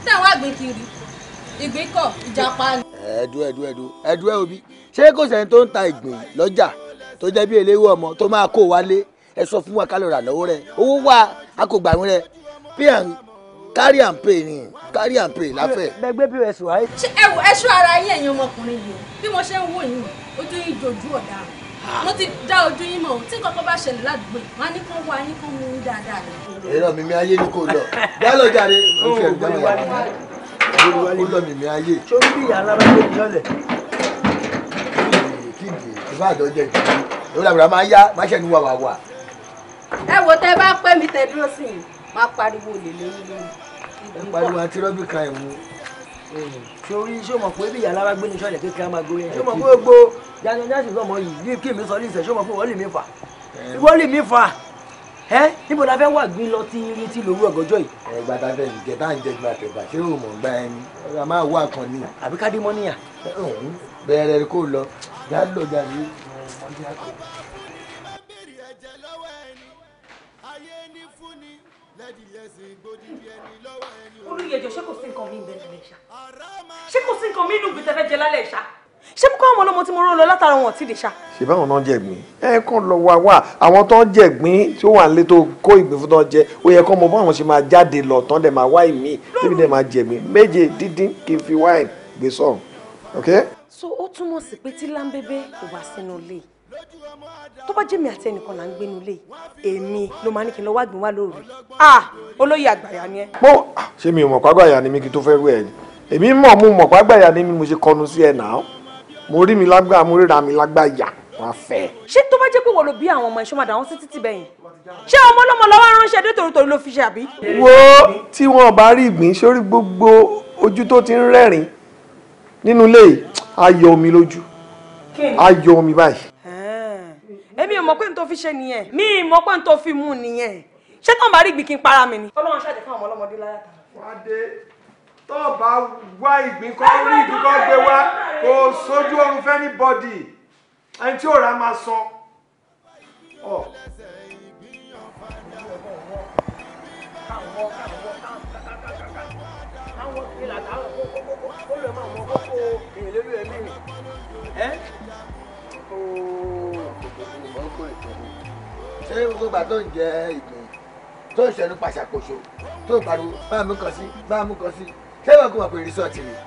tí àwọn àgbẹ̀ kiri ìgbínkọ̀ ìjàpá ni. ẹ̀ẹ́dú ẹ̀ẹ́dú ẹ̀ẹ́dú ẹ̀ẹ́dú ẹ̀ òbí ṣé kò sẹ́ni tó ń ta ìgbín lọ́jà tó jẹ́ bí eléwó ọmọ tó máa kó wálé ẹ sọ fún wa ká lọ rà lọ́wọ́ rẹ owó wa a kò gbà wín rẹ pay and carry and pay ni carry and pay láfẹ̀. bẹ́ẹ̀ gbé bí ẹ̀sùn wáyé. ṣé ẹ wò ẹṣọ ara yín ẹ̀yin ọmọkùnrin yìí bí mo ṣe ń wò yín ojú yín dojú ọ̀daràn mo ti dá ojú yín mọ̀ tí kankan bá ṣẹlẹ̀ ládùúgbò yìí wọn á ní kó wá yín kó mú un dáadáa. èrò mi ayé ni kò lọ dá lọ jàre. ó ò gbé wa ní olúwalé lọ́mìmí ayé. sórí bí yàrá bá gbé mi lọ́lẹ̀. kíndì ìbàdàn jẹ ìdílé lọ́dàbọ̀dà máa yá má ṣẹ̀ ní wàwà wà. ẹ wo tẹ bá pẹ́ mi tẹ dúró sí i máa pariwo lè lórí lórí. pariwo àti rọ́bì kan ẹ̀ mú. sórí ṣé o mọ̀ pé bí yàrá bá gbé mi sọ̀lẹ̀ kékeré máa gorí ẹ̀ ṣé o mọ̀ pé gbogbo jáde jáde sọ̀mọ́ yìí bí kí mi sọ ní ìṣẹ̀ ṣé o mọ̀ pé wọ́n lè mi fà. wọ́n lè mi fà ẹ níbo la fẹ́ wà gbé lọ tí irin tí lòwú ọ̀gọ́jọ́ yìí. ẹ gba ta bẹ́ẹ̀ nìkẹ́ tá à ń jẹ gba tẹ̀gbà ṣé o mọ̀ gba ẹni a máa wá kan ní. àbí ká dé mọ́ níyà. bẹ̀rẹ̀ kó lọ já lọ já ní. olùyẹjọ ṣé kò sí nǹkan mi ń bẹ lálẹ́ ṣá ṣé kò sí nǹkan mi ń dùn bí tẹ́fẹ́ jẹ lálẹ́ ṣá ṣé kókó àwọn ọlọ́mọ tí mo rán lọ látara wọn ti dè ṣá. ṣe báwọn náà jẹ̀gbín ẹ kàn lọ wá wá àwọn tó ń jẹ̀gbín tí ó wà nílé tó kó ìgbín fún tó ń jẹ ó yẹ kó mọ báwọn ṣe máa jáde lọ tán dẹ̀ máa wá ìmí débi dẹ̀ máa jẹ̀gbín méje dídín kí n fi wáìn gbé sọ̀rọ̀ so ó túmọ̀ sí pé tí láńbẹ́bẹ́ kò wá sínú ilé tó bá jẹ́mi àti ẹnìkan là ń gbé nílé èmi ló máa ní kí n lọ wá gbìn wá lóru ah olóyè àgbàyà ni ẹ. mo ṣé mi ò mọ̀ pàgbàyà ni mi kí tó fẹ́ wẹ̀ ẹ́ èmi mọ̀ mo mọ̀ pàgbàyà ni mi mo ṣe kọnu sí ẹ̀ náà mo rí mi lágbá mo ríra mi lágbá yà wọn fẹ́. ṣé tó bá jẹ́ pé wọ́n lo bí àwọn ọmọ ìṣọ́ màdà wọn sí títì bẹ́yìn ṣé ọmọ ọlọ́mọ lọ́wọ́ ránṣẹ́ dé tòrótòró ló fi ṣe àbí. wo tí wọn bá rí ìgbín sórí gbogbo ojú tó ti ń rẹ́rìn nínú ilé ayọ̀ omi lójú ayọ̀ omi báyìí. èmi ò mọ̀ pé n tó fi ṣe nìyẹn mi ì mọ̀ pé n tó fi mú nìyẹn ṣé tó ń bá rí ìgbín kí n para mi ni. ọlọ́run ṣàjẹ́ fún àwọn ọmọlọ́mọdé láyàtọ̀ tó o bá wá ìgbín kan rí ìgbín kan gbé wá kò sójú oorun fẹ́ ní bọ́dì ẹni tí òòrà máa san. ṣé gbogbo àtọ́ ń jẹ ìgbín tó ń ṣẹnu pàṣàkóso tó ń pariwo báàmú kan sí báàmú kan sí sẹ́wọ̀n kò wà pé rìsọ́ọ̀tì rẹ̀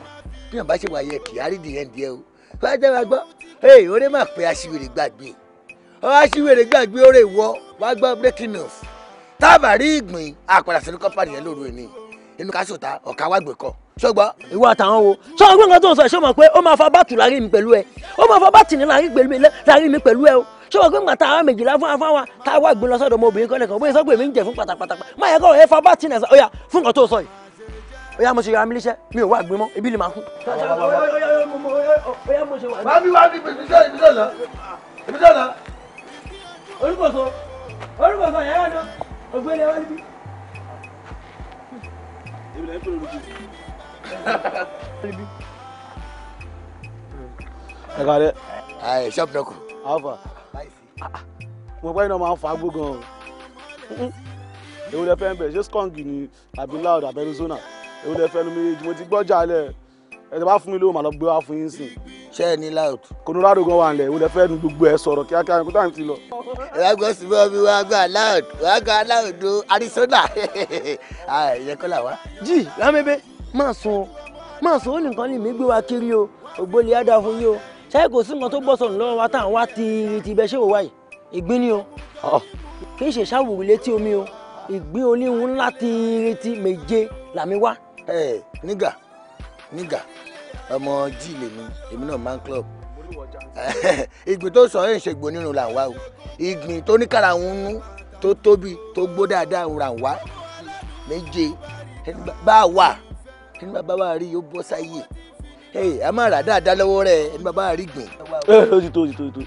bí wọn bá ṣe wà yẹ kì á rí dìrẹ́ díẹ̀ o wọ́n á dábàá gbọ́ ee orí máa pẹ́ aṣiwèrè gbàgbé ọ́ aṣiwèrè gbàgbé orí ìwọ wàá gbọ́ breaking news táàbà rí ìgbìn àpàdà sínú kọ́pàdì yẹn lóru ẹni inú ká sòta ọ̀ka wá gbé kọ́ ṣọgbọ́. ìwọ àtàwọn wo sọ ọgbọ́n nǹkan tó ń sọ ẹ̀ ṣé o mọ̀ pé ó máa fa báàtù láàrin mi pẹ̀lú ẹ ó máa fa báàtù ní láàrin mi pẹ̀lú ẹ o ṣé o mọ̀ pé ń gbà tá àwa méjìlá fún afáwa tá a wá gbé lọ sọ́dọ̀ ọmọ obìnrin kan nìkan bóyá sọ́gbẹ̀mí ń jẹ fún pátápátá máa yẹ kọ́ ẹ fa báàtù náà ó yá fún nǹkan tó sọ yìí ó yá mo ṣe ra mi léṣẹ́ mi ò wá àgbé mọ́ ebi lè máa kú. wàá bí wàá bí ibùsọ̀ ibùsọ̀ lọ ibùsọ̀ lọ olùkọ̀sọ̀ olùkọ̀sọ̀ yàrá náà ògbélé wá níbí. ẹ ká dẹ. ayi ṣọ́ọ̀bù náà kù. alfa mo pẹ́ iná máa ń fa gbó gan-an èwo lẹ fẹ́ ń bẹ̀ ṣé skunk ni àbí loud àbí Arizona èwo lẹ fẹ́ nu méjèèjì mo ti gbọ́jà lẹ̀ ẹ ti bá fún mi lówó màá lọ gbé wá fún yín sìn. ṣé ẹ ní loud. colorado gan wà ń lẹ̀ èwo lẹ fẹ́ nu gbogbo ẹ sọ̀rọ̀ kíákíá kó tàn ti lọ. ìwà gbọ́ sí bọ́ọ̀ bí wàá gba loud wàá gba loud o Arizona ah, ìyẹn kọ́ là wá. jì lámẹ́bẹ́ máa sun máa sun ó nìkan ní mi gbé wa kiri o ògbólé á dáa fún yín o ṣáà kò sí nǹkan tó bọ́ sọ̀nù lọ́wọ́ wa tá à ń wá tiiri ti ibẹ̀ ṣé wò wáyìí ìgbín ni o kì í ṣe ṣáwùrù létí omi o ìgbín oníhun ńlá tiiri ti méje làmí wá ẹ nígà nígà ọmọ jí lèmi èmi náà man club ìgbìn tó sọ èèṣẹ gbò nínú là ń wá o ìgbìn tó ní kára ń nú tó tóbi tó gbó dáadáa ń ra ń wá méje bá a wà ẹni bàbá wa rí yóò bọ́ sáyé ẹ a máa rà dáadáa lọ́wọ́ rẹ ẹni bàbá wa rí gbìn. ẹ ẹ ó ti tó ó ti tó ó ti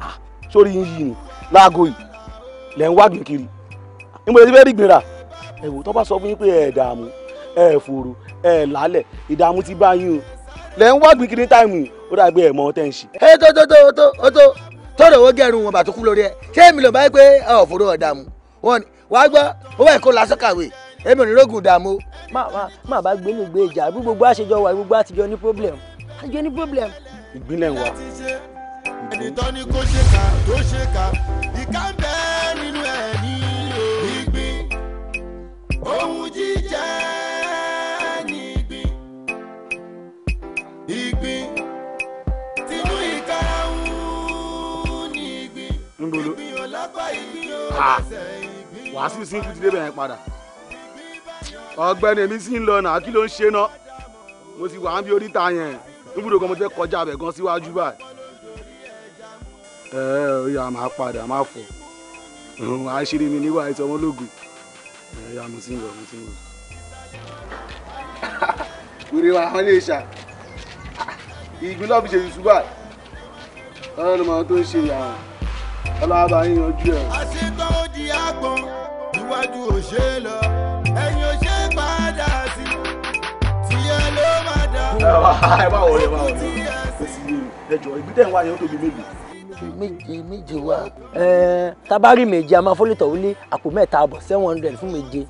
tó sórí yín yìí ni láago yìí lẹ́ ń wá gbìn kiri níbo lè rí gbìn rà ẹ̀wò tó bá sọ fún yín pé ẹ̀ dààmú ẹ fòrò ẹ lálẹ̀ ìdààmú ti bá yín o lẹ ń wá gbìgìrì táìmù ó dàgbé ẹ mọ tẹ́ ń ṣe. ẹ tó tó tó tó ó tó tọ́rọ̀ owó gẹ̀rù wọn bàtú kú lórí ẹ ṣé èmi ló bá yẹ pé ẹ ò fòrò ọ̀dààmú wọn ni wàá gbọ́ owó ẹ̀kọ́ lásán kàwé èmi ò ní rógùn dààmú. má má má bá gbénu gbé ìjà bí gbogbo àṣejọ wà gbogbo àtijọ́ ní problem àjọ ní problem. ìgbínlẹ̀ wa. wàá sì sí títí débẹ̀ yẹn padà ọ̀gbẹ́ni èmi sì ń lọ náà kí ló ń ṣe náà mo ti wà á bí oríta yẹn níbùdó kan mo fẹ́ kọjá abẹ gan síwájú báyìí ẹ ẹ ó yá máa padà máa fọ àṣírí mi níwà àìsàn ọmọlógún ẹ yá mo sì ń lọ mo sì ń lọ. wèrè wa àwọn ilé ìṣà ìgbín lọ́ọ̀bù ṣe yusuf báyìí ọlọ́run mọ̀ tó ń ṣe ìyàwó ọlọ́ba yín yanjú ẹ̀. àṣetán ó di àgbọn iwájú ò ṣe é lọ ẹ̀yìn ò ṣe é padà sí tìyẹ ló má dá. ẹ bá wọlé ẹ bá wọlé ẹ jọ ibi tẹ̀ ń wá yẹn ó tóbi méje méje méje wá. ẹẹ tabari méje a máa fólítọ̀ wọlé àpò mẹ́ta àbọ̀ seven hundred fún méje.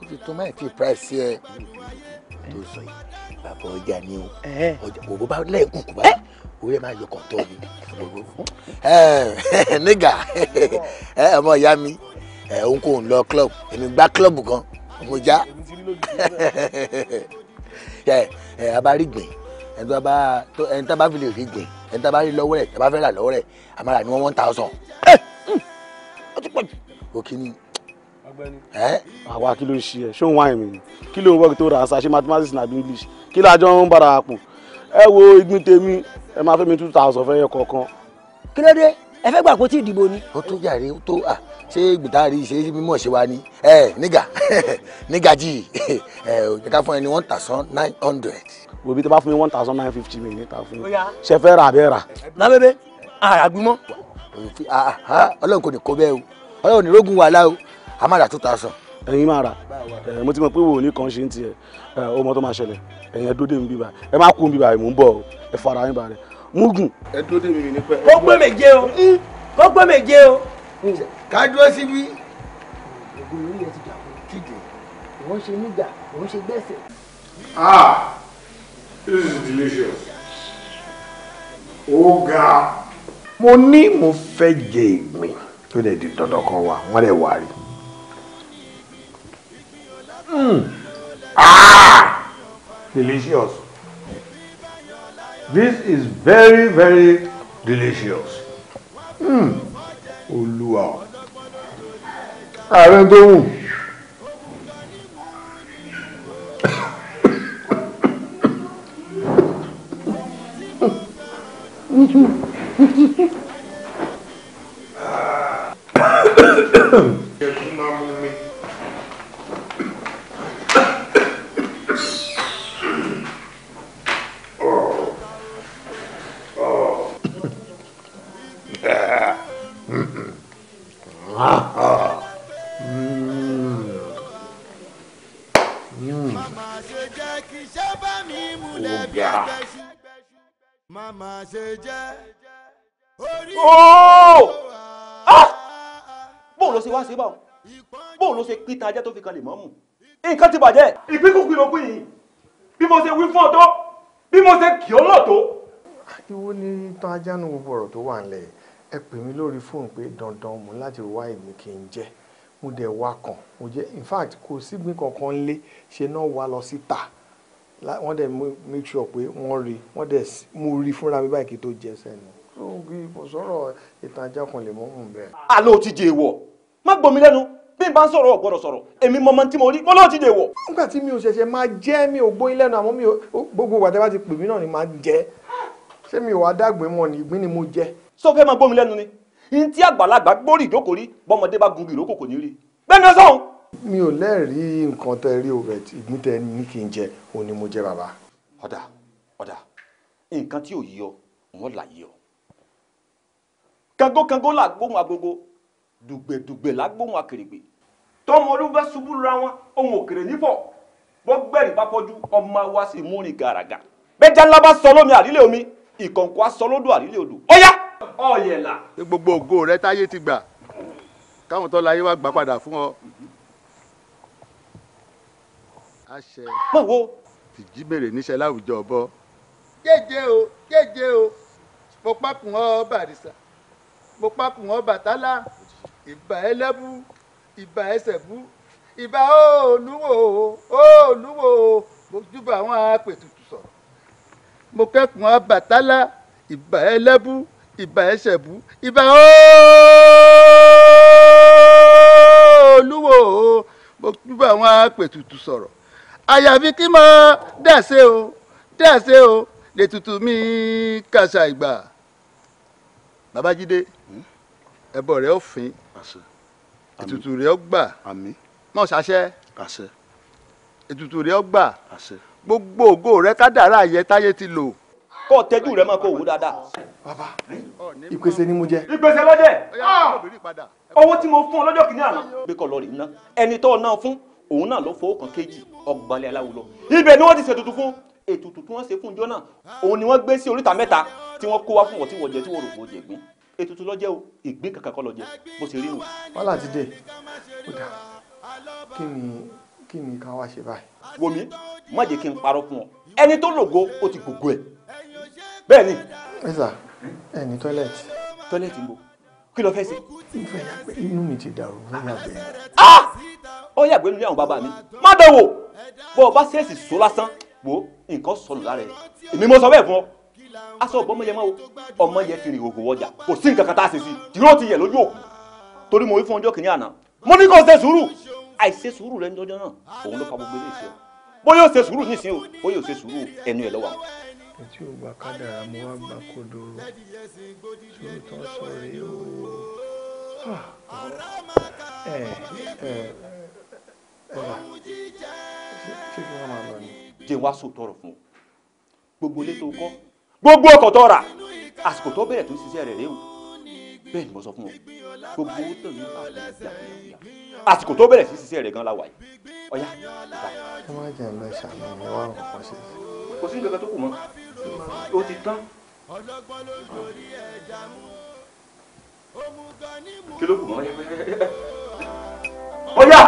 ó ti tó máa fi price yẹ tó sọ yìí bàbá ọjà ni o ọjà bòbá lẹ́ẹ̀kùn kù bá orí ẹ máa yọ kọ̀ǹtọ́ mi nígà ọmọ ìyá mi òun kò ń lọ club èmi gbá club gan mo já abárígbìn ẹni tó bá ẹni tó bá fi lè rí gbìn ẹni tó bá rí lọ́wọ́ rẹ̀ tó bá fẹ́ rà lọ́wọ́ rẹ̀ àmàlà ni wọ́n one thousand hm, ó ti pọ̀ jù òkìní àwa kí ló ṣe ẹ ṣé òun wáyé mi ni kí ló ń wọ́ọ̀kì tó rà á sa ṣe mathematics nàbí english kí lájọ ń bára àpò ẹ wo igun tèmi ẹ máa fẹ́ mi two thousand fẹ́ yẹ kọ̀ọ̀kan. kí ló dé ẹ fẹ́ gbà kó tí ì dìbò ni. ó tó jàre ó tó à ṣé gbìtárì ṣe mímọ̀ ṣe wa ni ẹ nígà nígà jì ẹ ò jẹ́ ká fún ẹ ní one thousand nine hundred. òbí tó bá fún mi one thousand nine fifty mi níta fún mi ṣe fẹ́ ra àbẹ́ rà. lábẹ́bẹ́ àràgbìmọ̀. ọlọ́run kò ní kó bẹ́ẹ̀ o ọlọ́run ní rógùn wàhálà o a máa rà two thousand. ẹ̀yin máa rà mo ti mọ̀ pé wo ò ní kàn ṣe ń tiẹ̀ ọmọ tó máa ṣẹlẹ̀ ẹ̀yin ẹ̀dóde mi bíbá ẹ má kú mi bíbá mò ń bọ̀ ẹ fara yín balẹ̀ mugun. ẹ̀dóde mi ní pẹ́. kó gbé méje o hmm? kó gbé méje o. ká dúró síbí. ògùn mi yẹn ti dà fún kíjì wọ́n ṣe nígbà wọ́n ṣe gbẹ̀sẹ̀. ah this is delicious. ó ga. mo ní mo fẹ́ jẹ ìgbín tó dẹ̀ di dandan kan wa wọ́n lè wá rí. Mm. Ah! delicious. This is very very delicious. Mm. Oluwa. ààrẹ tó wù. Mm-hmm. kan lè mọ́ mù nǹkan ti bàjẹ́. ìpínkùkù ló pín yìí bí mo ṣe wí fún ọ tó bí mo ṣe kì ọ́ lọ tó. ariwo ní tán ajá nu gbogbo ọ̀rọ̀ tó wà ńlẹ̀ ẹ pè mí lórí fóònù pé dandan mú láti wá èmi kí n jẹ́ mo dẹ̀ wá kàn mo jẹ́ in fact kò sígbìn kankan lé ṣe náà wá lọ síta wọ́n dẹ̀ make sure pé wọ́n rí wọ́n dẹ̀ mú rí fúnra mi báyìí kí tó jẹ sẹ́nu tó ń gbé ìbọ̀sọ̀rọ̀ ìtajà kan lè mọ́ mú bẹ́ẹ̀. àlọ́ ti jẹ́ èèwọ̀ má gbọ́ mi lẹ́nu bá ń sọ̀rọ̀ ọ̀gbọ́dọ̀ sọ̀rọ̀ èmi mọ̀mọ́ tí mo rí mo lọ́ọ́ ti dè wọ̀. nígbà tí mi ò ṣẹ̀ṣẹ̀ máa jẹ́ mi ò gbóyin lẹ́nu àmọ́ mi ò gbogbo wàdá bá ti pè mí náà ni máa jẹ́ ṣé mi ò wá dàgbé mọ́ ni ìgbín ni mo jẹ́. sọ fẹ́ máa gbómi lẹ́nu ni n tí àgbàlagbà gbórí ìdókòó bọ́mọdé bá gun ìrókò kò ní rí bẹ́ẹ̀ ni ẹ sọ̀hún. mi ò lẹ́rìí dùgbẹ̀dùgbẹ̀ làgbóhùn akèrègbè tọmọ olúwa bá ṣubú lura wọn ohun òkèrè nífọ̀ bọ́ gbẹ̀rì bá pọ́jú ọmọ wa sì múrin gàràgà bẹ́jà ńlá bá sọ lómi àrílé omi ìkọ̀ǹkọ̀ á sọ lódò àrílé odò ó yá. ọ̀yẹ̀là. gbogbo ògo rẹ táyé ti gbà káwọn tó láyé wá gbà padà fún ọ. àṣẹ. mọ̀wó. tìjí mèrè níṣẹ́ láwùjọ ọ̀bọ. jẹ́jẹ́ o jẹ́jẹ́ o mo pákùn ọ bàrìsà mo pákùn ọ bàtálá ìbà ẹlẹ́bù ìbà ẹsẹ̀ bú ìbà òòlúwò òòlúwò mojúbà àwọn apètùtù sọ̀rọ̀ mo kẹ́kùn Ọbàtálá ìbà ẹlẹ́bú ìbà ẹsẹ̀bú ìbà òòlúwò mojúbà àwọn apètùtù sọ̀rọ̀ àyàfi kí mo dẹ̀sẹ̀ o dẹ̀sẹ̀ o lè tutù mí kàṣà ìgbà babájídé ẹbọ rẹ ó fin ètùtù rẹ ó gbà àmín mọ̀ ṣàṣẹ àṣẹ ètùtù rẹ ó gbà àṣẹ gbogbo ògo rẹ kádàrá yẹ táyé ti lò. kó o tẹ́jú rẹ mọ́ kó o wò dáadáa. bàbá ìpèsè ni mo jẹ. ìpèsè ló jẹ ah! owó tí mo fún ọ lọ́jọ́ kìíní àná. bí kò lọ rí iná ẹni tó náà fún òun náà ló fowó kan kejì ọgbàlẹ̀ aláwo lọ ibẹ̀ ni wọ́n ti ṣètùtù fún ètùtù tí wọ́n ṣe fún jọ́nà òun ni wọ́n gbé sí oríta mẹ́ta tí wọ́n kó wá fún wọ́n tí wọ́n jẹ tí wọ́n rò fún ọjẹ̀gbìn ètùtù lọ́jẹ́ o ìgbín kankan kọ́ lọ́jẹ́ bó ṣe rí nù. wàhálà ti dé ó dà kí ni kí ni ká wá ṣe báyìí. wò mí má jẹ́ kí n parọ́ fún ọ ẹni tó lògo ó ti gbogbo ẹ̀ bẹ́ẹ̀ ni. ẹ sà ẹ ní tọ́lẹ̀tì. tọ́lẹ̀tì ń bọ̀ kí ló fẹ́ ṣe. ìfẹ́ yàgbẹ́ inú mi ti dàrú ó yàgbẹ́. Ah! ó yàgbẹ́ nínú àwọn bàbá mi má dánwò bó o bá ṣèèṣì so lásán wò nǹkan sọnù lára ẹ̀ èmi mo sọ bẹ́ẹ̀ fún ọ aṣọ ọ̀bọ̀mọyẹ máa wo ọmọ yẹ fi rìn òhò ọjà kò sí nǹkan kan tá a ṣe sí tìró ti yẹ lójú òkú torí mo wí fún ọjọ́ kìíní àná mo ní kó ṣe sùúrù àìṣe sùúrù rẹ lọ́jọ́ náà òun ló fa gbogbo ilé ìṣe bóyá ó ṣe sùúrù nísìnyí o bóyá ó ṣe sùúrù ẹnu ẹ lọ́wọ́ àwọn tí ò gba kádàrá mo wá gba kodo sóòótọ́ sọ̀rọ̀ o ah, ẹ ẹ ẹ̀rà ṣé kí máa lọ ni. jẹ́ wá sòtọ́rọ̀ fún gbogbo ilé tó kọ́ gbogbo ọkọ̀ tó rà àsìkò tó bẹ̀rẹ̀ tó ṣiṣẹ́ rẹ̀ léwu bẹ́ẹ̀ ni mo sọ fún ọ gbogbo owó tó ní bàbá ìyá àsìkò tó bẹ̀rẹ̀ ṣiṣẹ́ rẹ̀ gan la wà yìí ọ̀yá. ẹ má jẹ́ ẹ̀mẹ́ ṣàmì mi wá nǹkan sí. kò sí nǹkan tó kù mọ́ o ti tán. kí ló kù mọ́ ọ̀yá.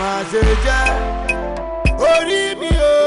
máa ṣe jẹ́ orí mi o.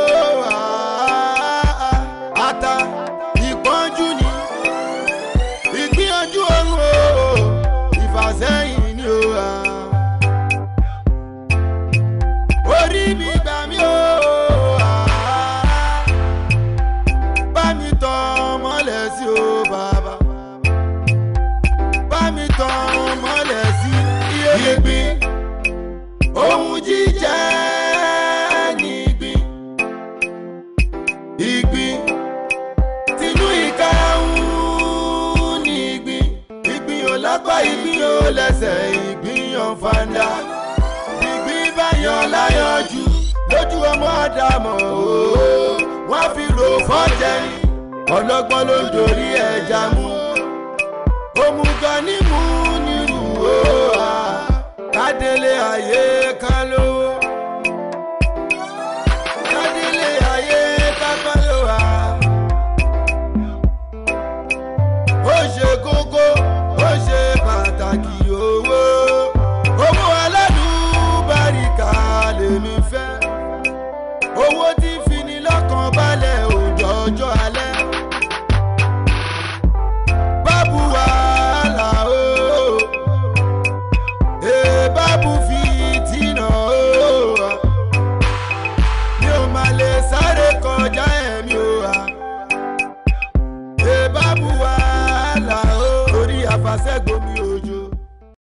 lọ́dàmọ̀ ooo wọ́n fi rò fọ́jẹ́ ni ọlọ́gbọ́n ló ń dorí ẹja mú òmùgọ̀ nímú nírú ooo kádélé ayé.